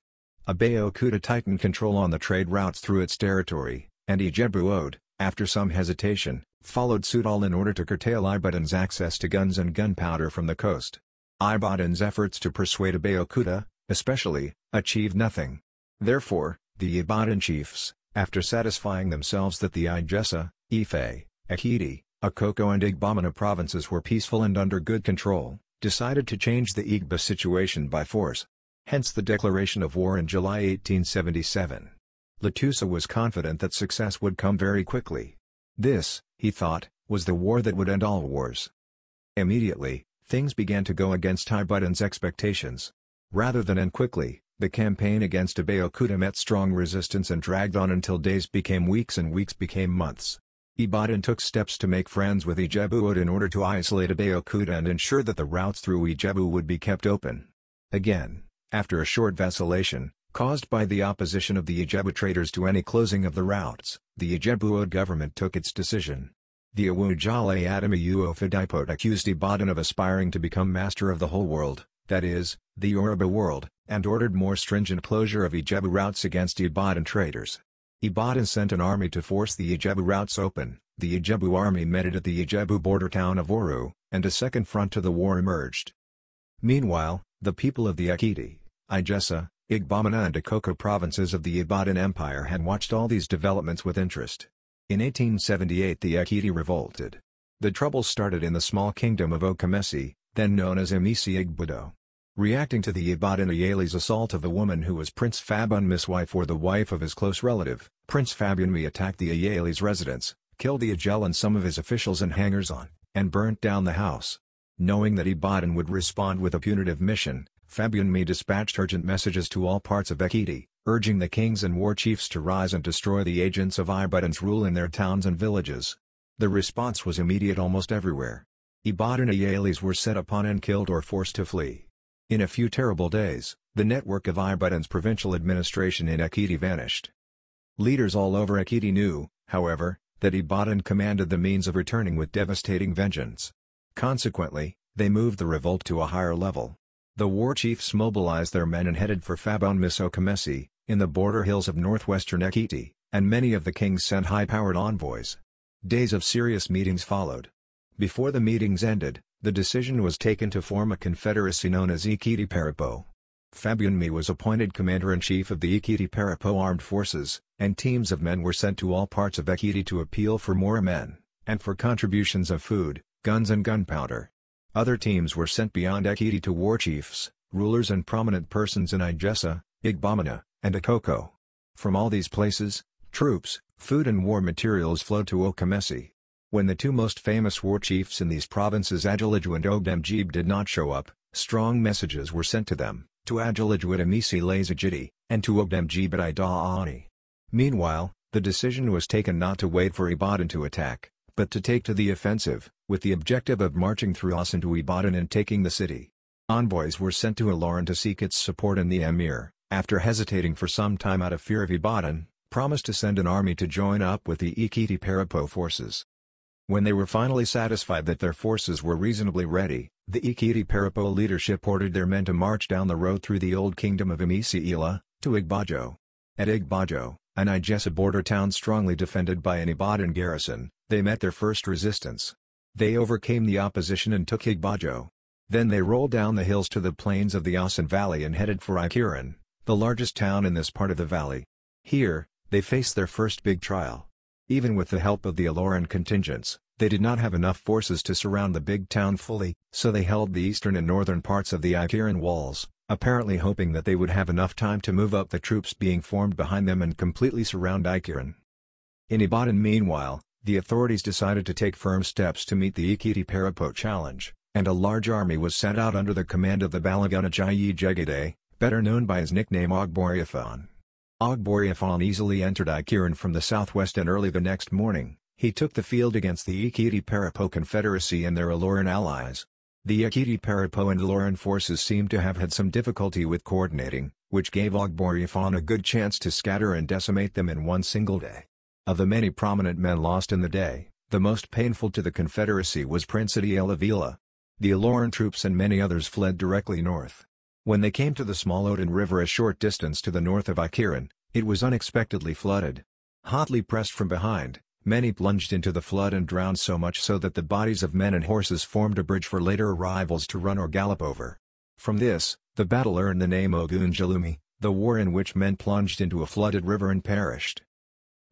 Abayo Kuta tightened control on the trade routes through its territory, and Ijebu owed, after some hesitation, followed suit all in order to curtail Ibadan's access to guns and gunpowder from the coast. Ibadan's efforts to persuade Abe Okuda, especially, achieved nothing. Therefore, the Ibadan chiefs, after satisfying themselves that the Ijesa, Ife, Akiti, Akoko and Igbamina provinces were peaceful and under good control, decided to change the Igba situation by force. Hence the declaration of war in July 1877. Latusa was confident that success would come very quickly, this, he thought, was the war that would end all wars. Immediately, things began to go against Ibadan's expectations. Rather than end quickly, the campaign against Abe Okuda met strong resistance and dragged on until days became weeks and weeks became months. Ibadan took steps to make friends with Ijebuote in order to isolate Abe Okuda and ensure that the routes through Ijebu would be kept open. Again, after a short vacillation, Caused by the opposition of the Ijebu traders to any closing of the routes, the Ijebuod government took its decision. The Awujale Adami Fidipot accused Ibadan of aspiring to become master of the whole world, that is, the Yoruba world, and ordered more stringent closure of Ijebu routes against Ibadan traders. Ibadan sent an army to force the Ijebu routes open, the Ijebu army met it at the Ijebu border town of Oru, and a second front to the war emerged. Meanwhile, the people of the Akiti, Ijesa, Igbamina and Akoko provinces of the Ibadan Empire had watched all these developments with interest. In 1878 the Ekiti revolted. The troubles started in the small kingdom of Okamesi, then known as Emisi Igbudo. Reacting to the Ibadan Ayali's assault of the woman who was Prince Fabunmi's wife or the wife of his close relative, Prince Fabunmi attacked the Ayali's residence, killed the Agel and some of his officials and hangers-on, and burnt down the house. Knowing that Ibadan would respond with a punitive mission, Fabian dispatched urgent messages to all parts of Ekiti, urging the kings and war chiefs to rise and destroy the agents of Ibadan's rule in their towns and villages. The response was immediate almost everywhere. Ibadan Ayalis were set upon and killed or forced to flee. In a few terrible days, the network of Ibadan's provincial administration in Ekiti vanished. Leaders all over Ekiti knew, however, that Ibadan commanded the means of returning with devastating vengeance. Consequently, they moved the revolt to a higher level. The war chiefs mobilized their men and headed for Fabon Misokamesi in the border hills of northwestern Ekiti, and many of the kings sent high-powered envoys. Days of serious meetings followed. Before the meetings ended, the decision was taken to form a confederacy known as Ikiti Parapo. Mi was appointed commander-in-chief of the Ikiti Parapo armed forces, and teams of men were sent to all parts of Ekiti to appeal for more men, and for contributions of food, guns and gunpowder. Other teams were sent beyond Ekiti to war chiefs, rulers and prominent persons in Igessa, Igbamina, and Akoko. From all these places, troops, food and war materials flowed to Okamesi. When the two most famous war chiefs in these provinces Agiliju and Ogdemjib did not show up, strong messages were sent to them, to Agiliju at Emisi Lazajidi, and to Ogdemjib at Idaani. Meanwhile, the decision was taken not to wait for Ibadan to attack, but to take to the offensive, with the objective of marching through Ibadan and taking the city. Envoys were sent to Ilorin to seek its support and the emir, after hesitating for some time out of fear of Ibadan, promised to send an army to join up with the Ikiti Parapo forces. When they were finally satisfied that their forces were reasonably ready, the Ikiti Parapo leadership ordered their men to march down the road through the old kingdom of Ila to Igbajo. At Igbajo, an Igesa border town strongly defended by an Ibadan garrison, they met their first resistance. They overcame the opposition and took Higbajo. Then they rolled down the hills to the plains of the Asan Valley and headed for Ikiran, the largest town in this part of the valley. Here, they faced their first big trial. Even with the help of the Aloran contingents, they did not have enough forces to surround the big town fully, so they held the eastern and northern parts of the Ikiran walls, apparently hoping that they would have enough time to move up the troops being formed behind them and completely surround Ikiran. In Ibadan meanwhile, the authorities decided to take firm steps to meet the Ikiti Parapo challenge, and a large army was sent out under the command of the Balagana Jayi Jegede, better known by his nickname Ogboryathon. Ogboryathon easily entered Ikiran from the southwest and early the next morning, he took the field against the Ikiti Parapo Confederacy and their Aloran allies. The Ikiti Parapo and Aloran forces seem to have had some difficulty with coordinating, which gave Ogboryathon a good chance to scatter and decimate them in one single day. Of the many prominent men lost in the day, the most painful to the Confederacy was Prince Adiel Avila. The Aloran troops and many others fled directly north. When they came to the small Odin River a short distance to the north of Akiran, it was unexpectedly flooded. Hotly pressed from behind, many plunged into the flood and drowned so much so that the bodies of men and horses formed a bridge for later arrivals to run or gallop over. From this, the battle earned the name Ogunjalumi, the war in which men plunged into a flooded river and perished.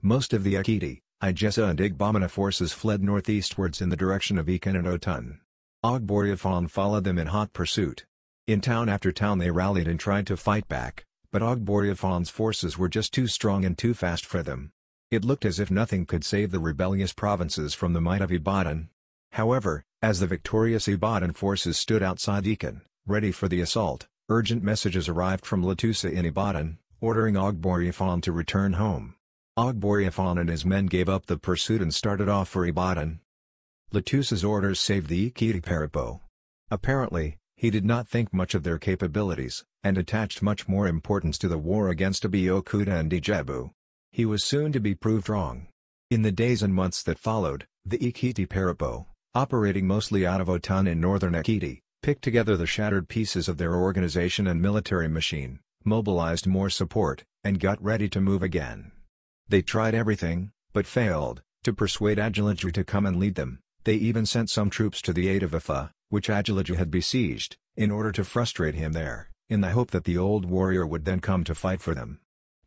Most of the Akiti, Ijesa and Igbamina forces fled northeastwards in the direction of Ikan and Otun. Ogboryafon followed them in hot pursuit. In town after town they rallied and tried to fight back, but Ogboryafon's forces were just too strong and too fast for them. It looked as if nothing could save the rebellious provinces from the might of Ibadan. However, as the victorious Ibadan forces stood outside Ikan, ready for the assault, urgent messages arrived from Latusa in Ibadan, ordering Ogboryafon to return home. Ogboryaphon and his men gave up the pursuit and started off for Ibadan. Latouse's orders saved the Ikiti Apparently, he did not think much of their capabilities, and attached much more importance to the war against Abiyokuta and Ijebu. He was soon to be proved wrong. In the days and months that followed, the Ikiti operating mostly out of Otan in northern Ikiti, picked together the shattered pieces of their organization and military machine, mobilized more support, and got ready to move again. They tried everything, but failed, to persuade Agilaju to come and lead them. They even sent some troops to the aid of Ifa, which Agilaju had besieged, in order to frustrate him there, in the hope that the old warrior would then come to fight for them.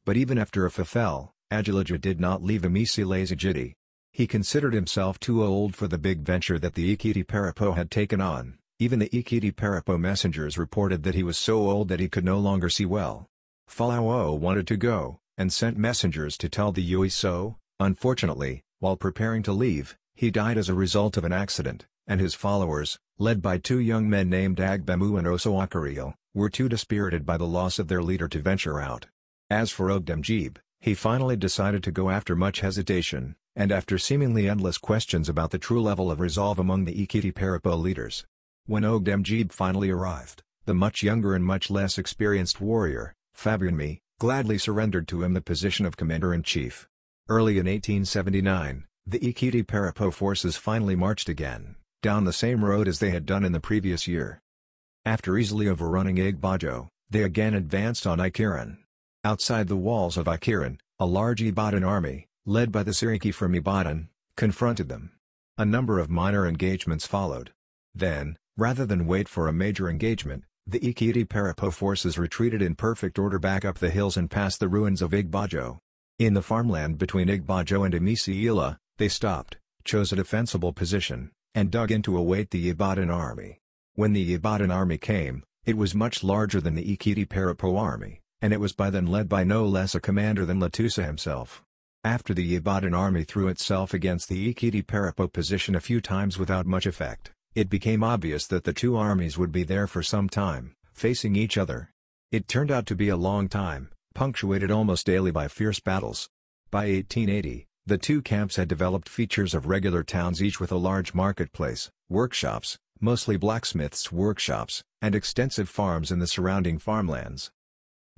But even after Ifa fell, Agilaju did not leave Amisilazajiti. He considered himself too old for the big venture that the Ikiti Parapo had taken on, even the Ikiti Parapo messengers reported that he was so old that he could no longer see well. Falao wanted to go, and sent messengers to tell the Yui so, unfortunately, while preparing to leave, he died as a result of an accident, and his followers, led by two young men named Agbemu and Oso were too dispirited by the loss of their leader to venture out. As for Ogdemjib, he finally decided to go after much hesitation, and after seemingly endless questions about the true level of resolve among the Ikiti Parapo leaders. When Ogdemjib finally arrived, the much younger and much less experienced warrior, Fabianmi, gladly surrendered to him the position of commander-in-chief. Early in 1879, the Ikiti Parapo forces finally marched again, down the same road as they had done in the previous year. After easily overrunning Igbajo, they again advanced on Ikiran. Outside the walls of Ikiran, a large Ibadan army, led by the Siriki from Ibadan, confronted them. A number of minor engagements followed. Then, rather than wait for a major engagement, the Ikiri Parapo forces retreated in perfect order back up the hills and past the ruins of Igbajo. In the farmland between Igbajo and Emisiila, they stopped, chose a defensible position, and dug in to await the Ibadan army. When the Ibadan army came, it was much larger than the Ikiri Parapo army, and it was by then led by no less a commander than Latusa himself. After the Ibadan army threw itself against the Ikiri Parapo position a few times without much effect, it became obvious that the two armies would be there for some time, facing each other. It turned out to be a long time, punctuated almost daily by fierce battles. By 1880, the two camps had developed features of regular towns each with a large marketplace, workshops, mostly blacksmiths' workshops, and extensive farms in the surrounding farmlands.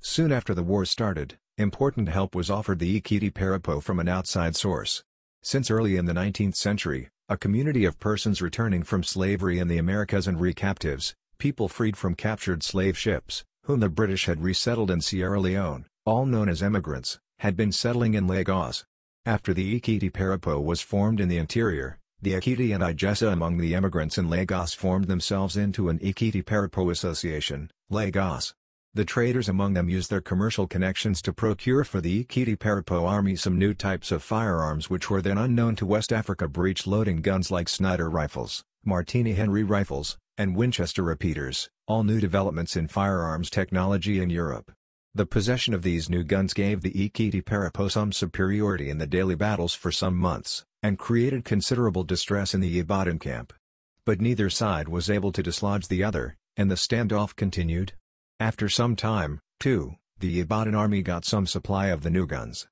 Soon after the war started, important help was offered the Ikiti Parapo from an outside source. Since early in the 19th century, a community of persons returning from slavery in the Americas and recaptives, people freed from captured slave ships, whom the British had resettled in Sierra Leone, all known as emigrants, had been settling in Lagos. After the Ikiti Parapo was formed in the interior, the Ikiti and Ijesa among the emigrants in Lagos formed themselves into an Ikiti Parapo Association, Lagos. The traders among them used their commercial connections to procure for the Ikiti Parapo army some new types of firearms which were then unknown to West Africa breech-loading guns like Snyder rifles, Martini Henry rifles, and Winchester repeaters, all new developments in firearms technology in Europe. The possession of these new guns gave the Ikiti Parapo some superiority in the daily battles for some months, and created considerable distress in the Ibadan camp. But neither side was able to dislodge the other, and the standoff continued, after some time, too, the Ibadan army got some supply of the new guns.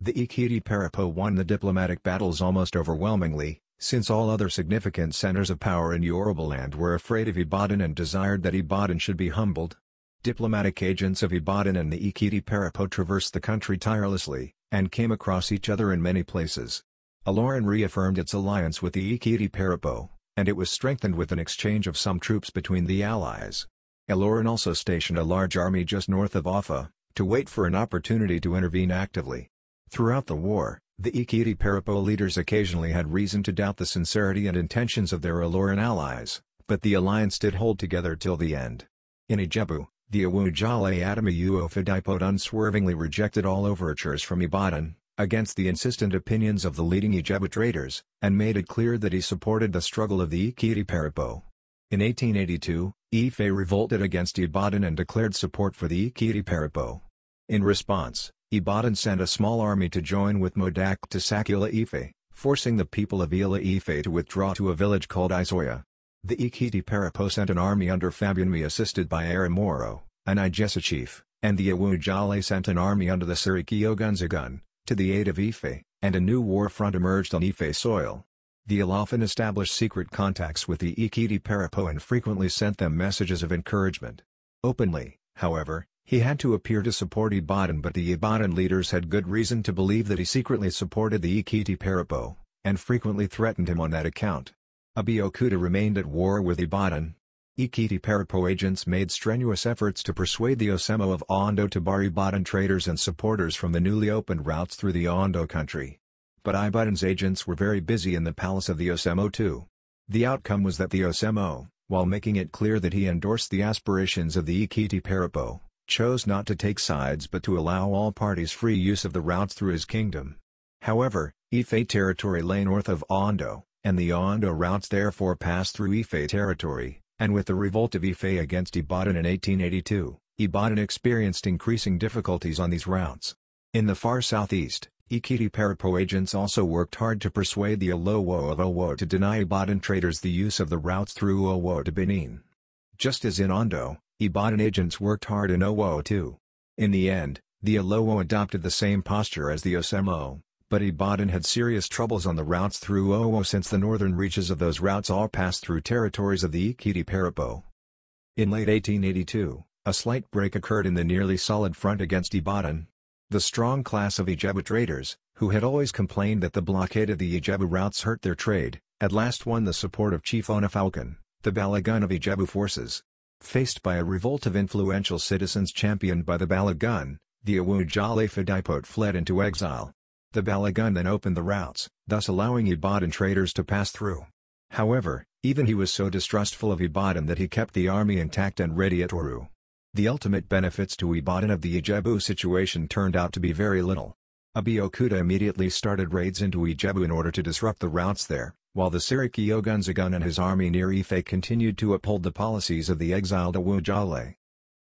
The Ikiti Parapo won the diplomatic battles almost overwhelmingly, since all other significant centers of power in Yorubaland were afraid of Ibadan and desired that Ibadan should be humbled. Diplomatic agents of Ibadan and the Ikiti Parapo traversed the country tirelessly, and came across each other in many places. Aloran reaffirmed its alliance with the Ikiti Parapo, and it was strengthened with an exchange of some troops between the allies. Aloran also stationed a large army just north of Offa, to wait for an opportunity to intervene actively. Throughout the war, the Ikiti Parapo leaders occasionally had reason to doubt the sincerity and intentions of their Aloran allies, but the alliance did hold together till the end. In Ijebu, the Awujale Adamayu Ophidipod unswervingly rejected all overtures from Ibadan, against the insistent opinions of the leading Ijebu traders, and made it clear that he supported the struggle of the Ikiti Parapo. In 1882, Ife revolted against Ibadan and declared support for the Ikiti Paripo. In response, Ibadan sent a small army to join with Modak to sack Ila Ife, forcing the people of Ila Ife to withdraw to a village called Isoya. The Ikiti Paripo sent an army under Fabianmi assisted by Aramoro, an Igesa chief, and the Awujale sent an army under the Sirikio to the aid of Ife, and a new war front emerged on Ife soil. The IL established secret contacts with the Ikiti Parapo and frequently sent them messages of encouragement. Openly, however, he had to appear to support Ibadan but the Ibadan leaders had good reason to believe that he secretly supported the Ikiti Parapo, and frequently threatened him on that account. Abiyokuta remained at war with Ibadan. Ikiti Parapo agents made strenuous efforts to persuade the Osemo of Ondo to bar Ibadan traders and supporters from the newly opened routes through the Ondo country but I Biden's agents were very busy in the palace of the Osemo too. The outcome was that the Osemo, while making it clear that he endorsed the aspirations of the Ikiti Parapo, chose not to take sides but to allow all parties free use of the routes through his kingdom. However, Ife territory lay north of Ondo, and the Ondo routes therefore passed through Ife territory, and with the revolt of Ife against Ibadan in 1882, Ibadan experienced increasing difficulties on these routes. In the far southeast, Ikiti Parapo agents also worked hard to persuade the Ilowo of Owo to deny Ibadan traders the use of the routes through Owo to Benin. Just as in Ondo, Ibadan agents worked hard in Owo too. In the end, the Ilowo adopted the same posture as the Osemo, but Ibadan had serious troubles on the routes through Owo since the northern reaches of those routes all passed through territories of the Ikiti Parapo. In late 1882, a slight break occurred in the nearly solid front against Ibadan, the strong class of Ijebu traders, who had always complained that the blockade of the Ijebu routes hurt their trade, at last won the support of Chief Onafalcon, the Balagun of Ijebu forces. Faced by a revolt of influential citizens championed by the Balagun, the Awujale Fidipot fled into exile. The Balagun then opened the routes, thus allowing Ibadan traders to pass through. However, even he was so distrustful of Ibadan that he kept the army intact and ready at Oru, the ultimate benefits to Ibadan of the Ijebu situation turned out to be very little. Abi Okuda immediately started raids into Ijebu in order to disrupt the routes there, while the Siriki Ogunzagun and his army near Ife continued to uphold the policies of the exiled Awujale.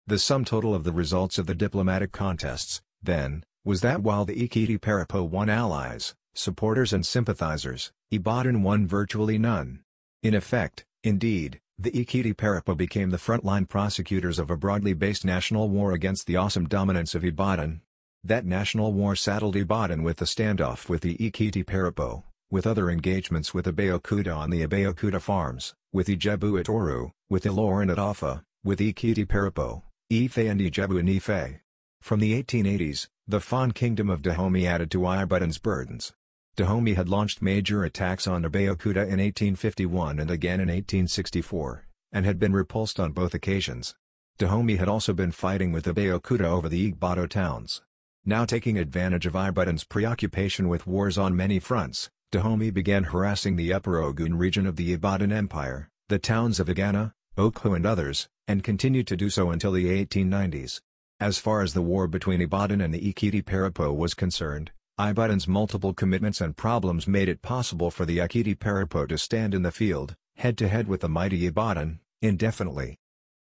The sum total of the results of the diplomatic contests, then, was that while the Ikiti Parapo won allies, supporters and sympathizers, Ibadan won virtually none. In effect, indeed, the Ikiti Parappa became the frontline prosecutors of a broadly based national war against the awesome dominance of Ibadan. That national war saddled Ibadan with the standoff with the Ikiti Parappo, with other engagements with Abeokuta on the Abeokuta farms, with Ijebu at Oru, with Ilorin at Offa, with Ikiti Parappo, Ife and Ijebu in Ife. From the 1880s, the Fon Kingdom of Dahomey added to Ibadan's burdens. Dahomey had launched major attacks on Abeokuta in 1851 and again in 1864, and had been repulsed on both occasions. Dahomey had also been fighting with Abeokuta over the Igboto towns. Now taking advantage of Ibadan's preoccupation with wars on many fronts, Dahomey began harassing the upper Ogun region of the Ibadan Empire, the towns of Agana, Okhu and others, and continued to do so until the 1890s. As far as the war between Ibadan and the Ikiti Parapo was concerned, Ibadan's multiple commitments and problems made it possible for the Akiti Parapo to stand in the field, head-to-head -head with the mighty Ibadan, indefinitely.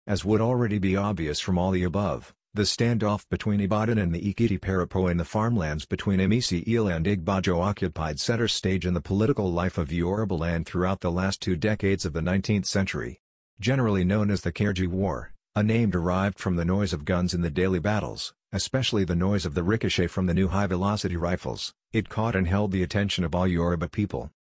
As would already be obvious from all the above, the standoff between Ibadan and the Ikiti Parapo in the farmlands between Emisi Il and Igbajo occupied center stage in the political life of Yoruba land throughout the last two decades of the 19th century. Generally known as the Kyrgyz War, a name derived from the noise of guns in the daily battles, especially the noise of the ricochet from the new high-velocity rifles, it caught and held the attention of all Yoruba people.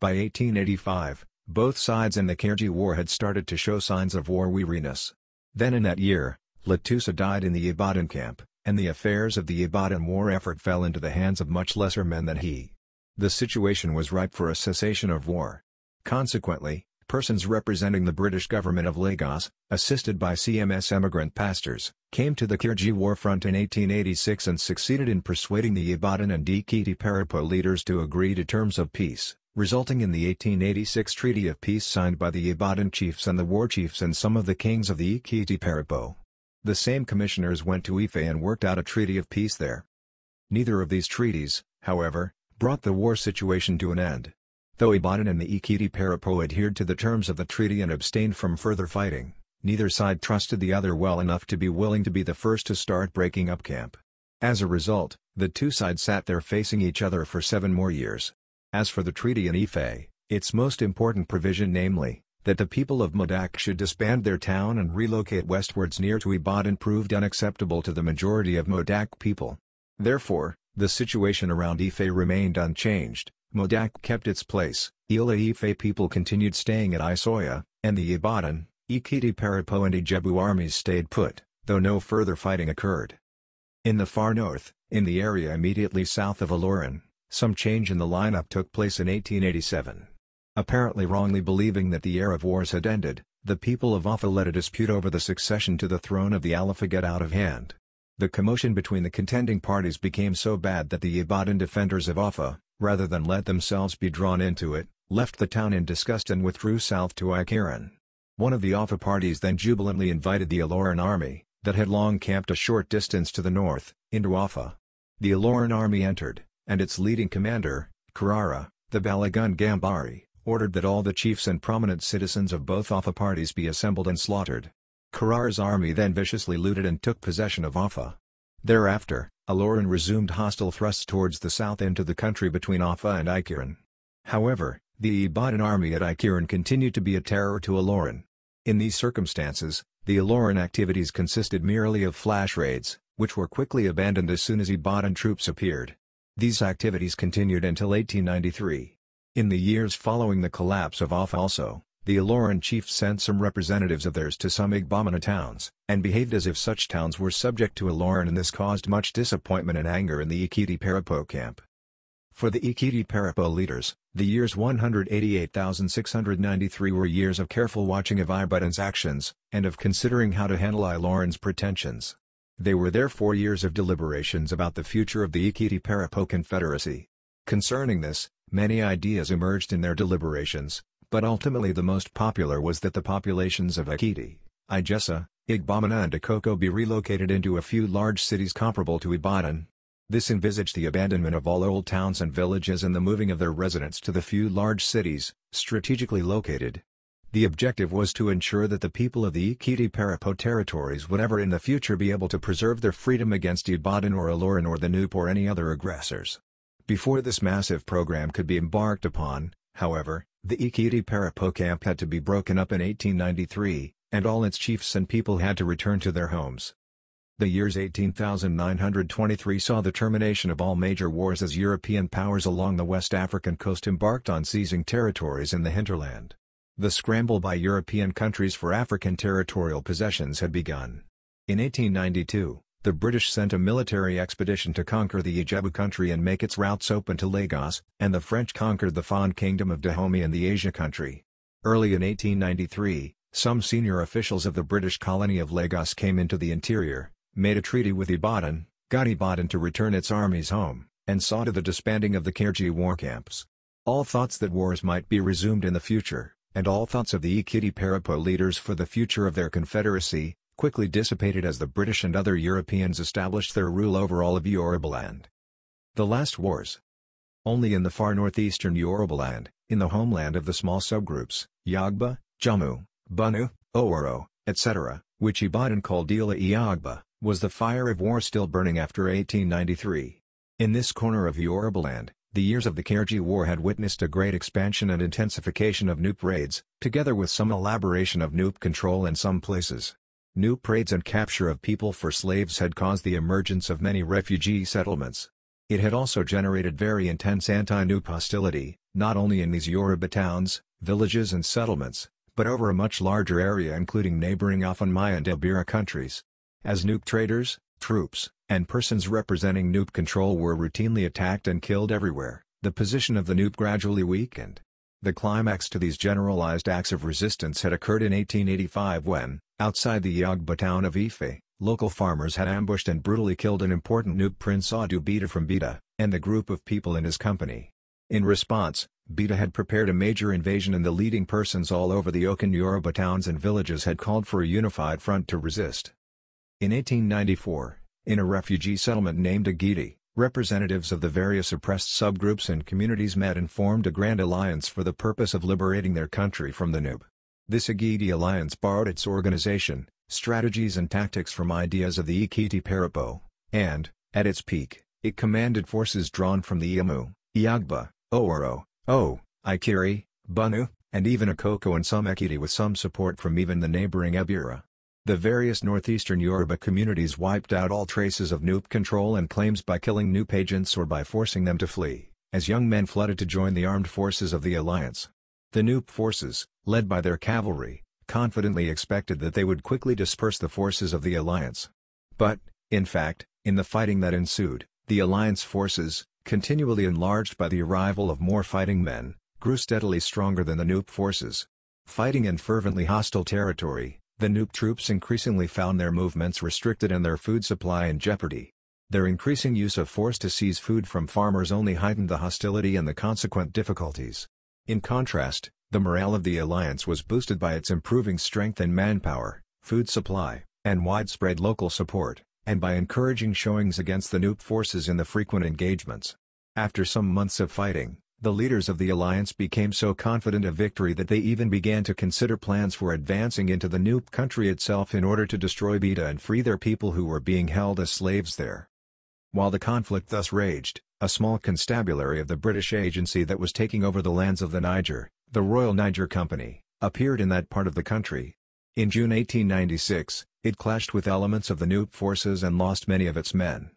By 1885, both sides in the Kyrgyz War had started to show signs of war weariness. Then in that year, Latusa died in the Ibadan camp, and the affairs of the Ibadan war effort fell into the hands of much lesser men than he. The situation was ripe for a cessation of war. Consequently, persons representing the British government of Lagos, assisted by CMS emigrant pastors, came to the Kirji war front in 1886 and succeeded in persuading the Ibadan and Ikiti Paripo leaders to agree to terms of peace, resulting in the 1886 Treaty of Peace signed by the Ibadan chiefs and the war chiefs and some of the kings of the Ikiti Paripo. The same commissioners went to Ife and worked out a treaty of peace there. Neither of these treaties, however, brought the war situation to an end. Though Ibadan and the Ikiti Parapo adhered to the terms of the treaty and abstained from further fighting, neither side trusted the other well enough to be willing to be the first to start breaking up camp. As a result, the two sides sat there facing each other for seven more years. As for the treaty in Ife, its most important provision namely, that the people of Modak should disband their town and relocate westwards near to Ibadan proved unacceptable to the majority of Modak people. Therefore, the situation around Ife remained unchanged, Modak kept its place, Ile Ife people continued staying at Isoya, and the Ibadan, Ikiti Parapo and Ijebu armies stayed put, though no further fighting occurred. In the far north, in the area immediately south of Aloran, some change in the lineup took place in 1887. Apparently wrongly believing that the era of wars had ended, the people of Offa let a dispute over the succession to the throne of the Alifa out of hand. The commotion between the contending parties became so bad that the Ibadan defenders of Offa, rather than let themselves be drawn into it, left the town in disgust and withdrew south to Icaran. One of the Offa parties then jubilantly invited the Aloran army, that had long camped a short distance to the north, into Offa. The Aloran army entered, and its leading commander, Carrara, the Balagun Gambari, ordered that all the chiefs and prominent citizens of both Offa parties be assembled and slaughtered. Carrara's army then viciously looted and took possession of Offa. Thereafter, Aloran resumed hostile thrusts towards the south into the country between Offa and Ikiran. However, the Ibadan army at Ikiran continued to be a terror to Aloran. In these circumstances, the Aloran activities consisted merely of flash raids, which were quickly abandoned as soon as Ibadan troops appeared. These activities continued until 1893. In the years following the collapse of Offa also, the Aloran chiefs sent some representatives of theirs to some Igbamina towns, and behaved as if such towns were subject to Aloran and this caused much disappointment and anger in the Ikiti Parapo camp. For the Ikiti Parapo leaders, the years 188,693 were years of careful watching of Ibutan's actions, and of considering how to handle Iloran's pretensions. They were therefore years of deliberations about the future of the Ikiti Parapo Confederacy. Concerning this, many ideas emerged in their deliberations, but ultimately the most popular was that the populations of Akiti, Igessa, Igbamana and Akoko be relocated into a few large cities comparable to Ibadan. This envisaged the abandonment of all old towns and villages and the moving of their residents to the few large cities, strategically located. The objective was to ensure that the people of the Ikiti Parapo territories would ever in the future be able to preserve their freedom against Ibadan or Aloran or the Nup or any other aggressors. Before this massive program could be embarked upon, however, the Ikiri Parapo camp had to be broken up in 1893, and all its chiefs and people had to return to their homes. The years 18,923 saw the termination of all major wars as European powers along the West African coast embarked on seizing territories in the hinterland. The scramble by European countries for African territorial possessions had begun. In 1892, the British sent a military expedition to conquer the Ijebu country and make its routes open to Lagos, and the French conquered the Fon Kingdom of Dahomey and the Asia country. Early in 1893, some senior officials of the British colony of Lagos came into the interior, made a treaty with Ibadan, got Ibadan to return its armies home, and saw to the disbanding of the Kirji war camps. All thoughts that wars might be resumed in the future, and all thoughts of the Ikiti Parapo leaders for the future of their confederacy, quickly dissipated as the British and other Europeans established their rule over all of Yorubaland. The last wars. Only in the far northeastern Yorubaland, in the homeland of the small subgroups, Yagba, Jammu, Bunu, Oworo, etc., which Ibadan called Ila Yagba, was the fire of war still burning after 1893. In this corner of Yorubaland, the years of the Kerji War had witnessed a great expansion and intensification of Noop raids, together with some elaboration of Noop control in some places. New parades and capture of people for slaves had caused the emergence of many refugee settlements. It had also generated very intense anti-Nupe hostility, not only in these Yoruba towns, villages and settlements, but over a much larger area including neighboring Afanmaya and Ibera countries. As Nupe traders, troops, and persons representing Nupe control were routinely attacked and killed everywhere, the position of the Nupe gradually weakened. The climax to these generalized acts of resistance had occurred in 1885 when, Outside the Yagba town of Ife, local farmers had ambushed and brutally killed an important Nupe prince Adu Beta from Beta, and the group of people in his company. In response, Beta had prepared a major invasion and the leading persons all over the Okan Yoruba towns and villages had called for a unified front to resist. In 1894, in a refugee settlement named Agidi, representatives of the various oppressed subgroups and communities met and formed a grand alliance for the purpose of liberating their country from the Noob. This Agidi alliance borrowed its organization, strategies and tactics from ideas of the Ikiti Parapo, and, at its peak, it commanded forces drawn from the Iamu, Iagba, Ooro, O, Ikiri, Bunu, and even Akoko and some Ekiti with some support from even the neighboring Ebura. The various northeastern Yoruba communities wiped out all traces of Noop control and claims by killing Noop agents or by forcing them to flee, as young men flooded to join the armed forces of the alliance. The Nup forces, led by their cavalry, confidently expected that they would quickly disperse the forces of the alliance. But, in fact, in the fighting that ensued, the alliance forces, continually enlarged by the arrival of more fighting men, grew steadily stronger than the Nup forces. Fighting in fervently hostile territory, the Nup troops increasingly found their movements restricted and their food supply in jeopardy. Their increasing use of force to seize food from farmers only heightened the hostility and the consequent difficulties. In contrast, the morale of the alliance was boosted by its improving strength and manpower, food supply, and widespread local support, and by encouraging showings against the Noop forces in the frequent engagements. After some months of fighting, the leaders of the alliance became so confident of victory that they even began to consider plans for advancing into the Noop country itself in order to destroy Beta and free their people who were being held as slaves there. While the conflict thus raged, a small constabulary of the British agency that was taking over the lands of the Niger, the Royal Niger Company, appeared in that part of the country. In June 1896, it clashed with elements of the Nupe forces and lost many of its men.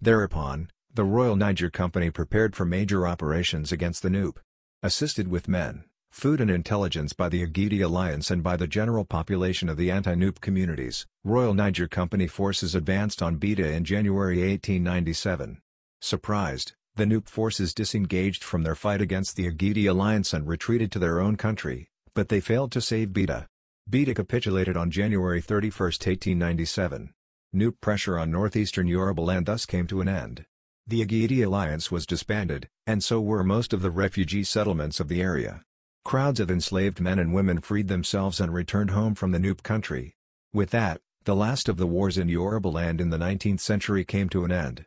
Thereupon, the Royal Niger Company prepared for major operations against the Nupe. Assisted with men, food and intelligence by the Agidi Alliance and by the general population of the anti-Nupe communities, Royal Niger Company forces advanced on Beta in January 1897. Surprised, the Noop forces disengaged from their fight against the Agidi alliance and retreated to their own country, but they failed to save Beta. Beta capitulated on January 31, 1897. Noop pressure on northeastern Yorubaland thus came to an end. The Agidi alliance was disbanded, and so were most of the refugee settlements of the area. Crowds of enslaved men and women freed themselves and returned home from the Noop country. With that, the last of the wars in Yorubaland in the 19th century came to an end.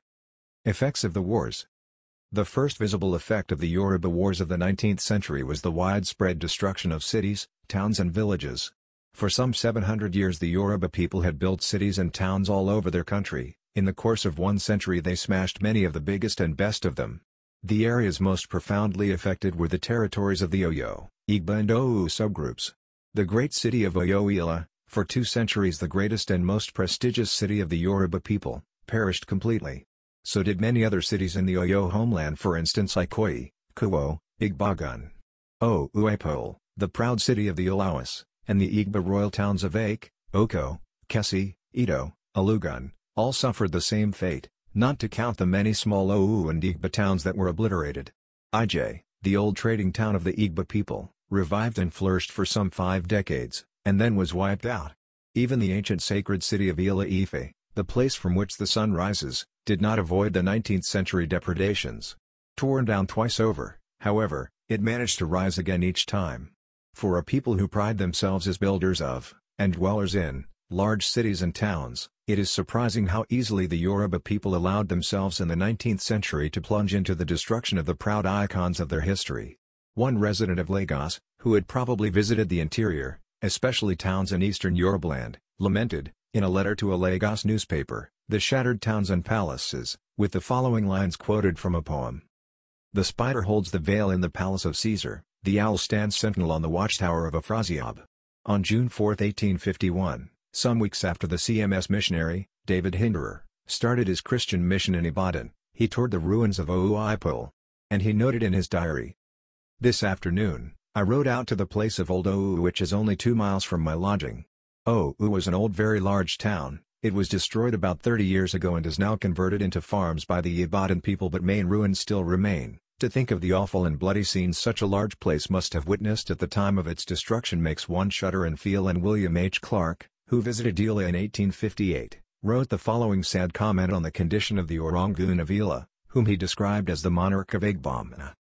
Effects of the Wars The first visible effect of the Yoruba Wars of the 19th century was the widespread destruction of cities, towns and villages. For some 700 years the Yoruba people had built cities and towns all over their country, in the course of one century they smashed many of the biggest and best of them. The areas most profoundly affected were the territories of the Oyo, Igba and Owu subgroups. The great city of Oyoila, for two centuries the greatest and most prestigious city of the Yoruba people, perished completely. So did many other cities in the Oyo homeland for instance Ikoyi, Kuwo, Igbagun, O Uepole, the proud city of the Ilawas, and the Igba royal towns of Ake, Oko, Kesi, Ito, Alugun, all suffered the same fate, not to count the many small OU and Igba towns that were obliterated. IJ, the old trading town of the Igba people, revived and flourished for some five decades, and then was wiped out. Even the ancient sacred city of Ila Ife, the place from which the sun rises, did not avoid the 19th-century depredations. Torn down twice over, however, it managed to rise again each time. For a people who pride themselves as builders of, and dwellers in, large cities and towns, it is surprising how easily the Yoruba people allowed themselves in the 19th century to plunge into the destruction of the proud icons of their history. One resident of Lagos, who had probably visited the interior, especially towns in eastern Yorubaland, lamented, in a letter to a Lagos newspaper, the shattered towns and palaces, with the following lines quoted from a poem. The spider holds the veil in the palace of Caesar, the owl stands sentinel on the watchtower of Afrasiab. On June 4, 1851, some weeks after the CMS missionary, David Hinderer, started his Christian mission in Ibadan, he toured the ruins of Ouaipol. And he noted in his diary, This afternoon, I rode out to the place of Old Ou which is only two miles from my lodging. Ou was an old very large town, it was destroyed about 30 years ago and is now converted into farms by the Ibadan people but main ruins still remain. To think of the awful and bloody scenes such a large place must have witnessed at the time of its destruction makes one shudder and feel and William H. Clark, who visited Ila in 1858, wrote the following sad comment on the condition of the Orangun of Ila, whom he described as the monarch of Agbamna.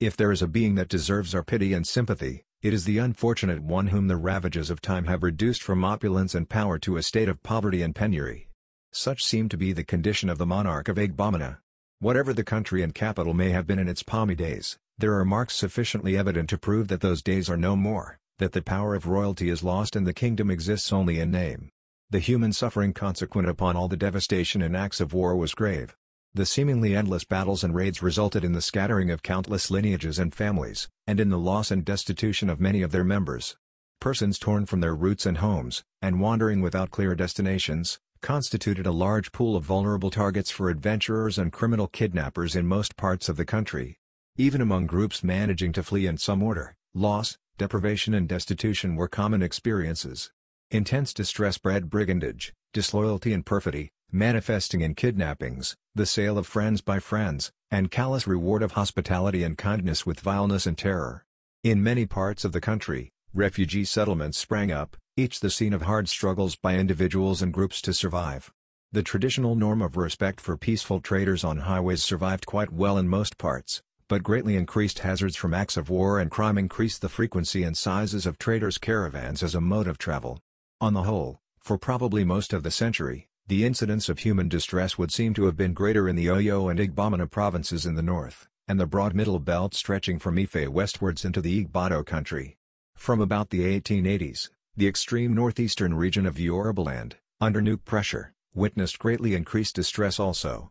If there is a being that deserves our pity and sympathy, it is the unfortunate one whom the ravages of time have reduced from opulence and power to a state of poverty and penury. Such seemed to be the condition of the monarch of Agbamina. Whatever the country and capital may have been in its palmy days, there are marks sufficiently evident to prove that those days are no more, that the power of royalty is lost and the kingdom exists only in name. The human suffering consequent upon all the devastation and acts of war was grave, the seemingly endless battles and raids resulted in the scattering of countless lineages and families, and in the loss and destitution of many of their members. Persons torn from their roots and homes, and wandering without clear destinations, constituted a large pool of vulnerable targets for adventurers and criminal kidnappers in most parts of the country. Even among groups managing to flee in some order, loss, deprivation and destitution were common experiences. Intense distress bred brigandage, disloyalty and perfidy, manifesting in kidnappings, the sale of friends by friends, and callous reward of hospitality and kindness with vileness and terror. In many parts of the country, refugee settlements sprang up, each the scene of hard struggles by individuals and groups to survive. The traditional norm of respect for peaceful traders on highways survived quite well in most parts, but greatly increased hazards from acts of war and crime increased the frequency and sizes of traders' caravans as a mode of travel. On the whole, for probably most of the century, the incidence of human distress would seem to have been greater in the Oyo and Igbamina provinces in the north, and the broad middle belt stretching from Ife westwards into the Igbo country. From about the 1880s, the extreme northeastern region of Yorubaland, under new pressure, witnessed greatly increased distress also.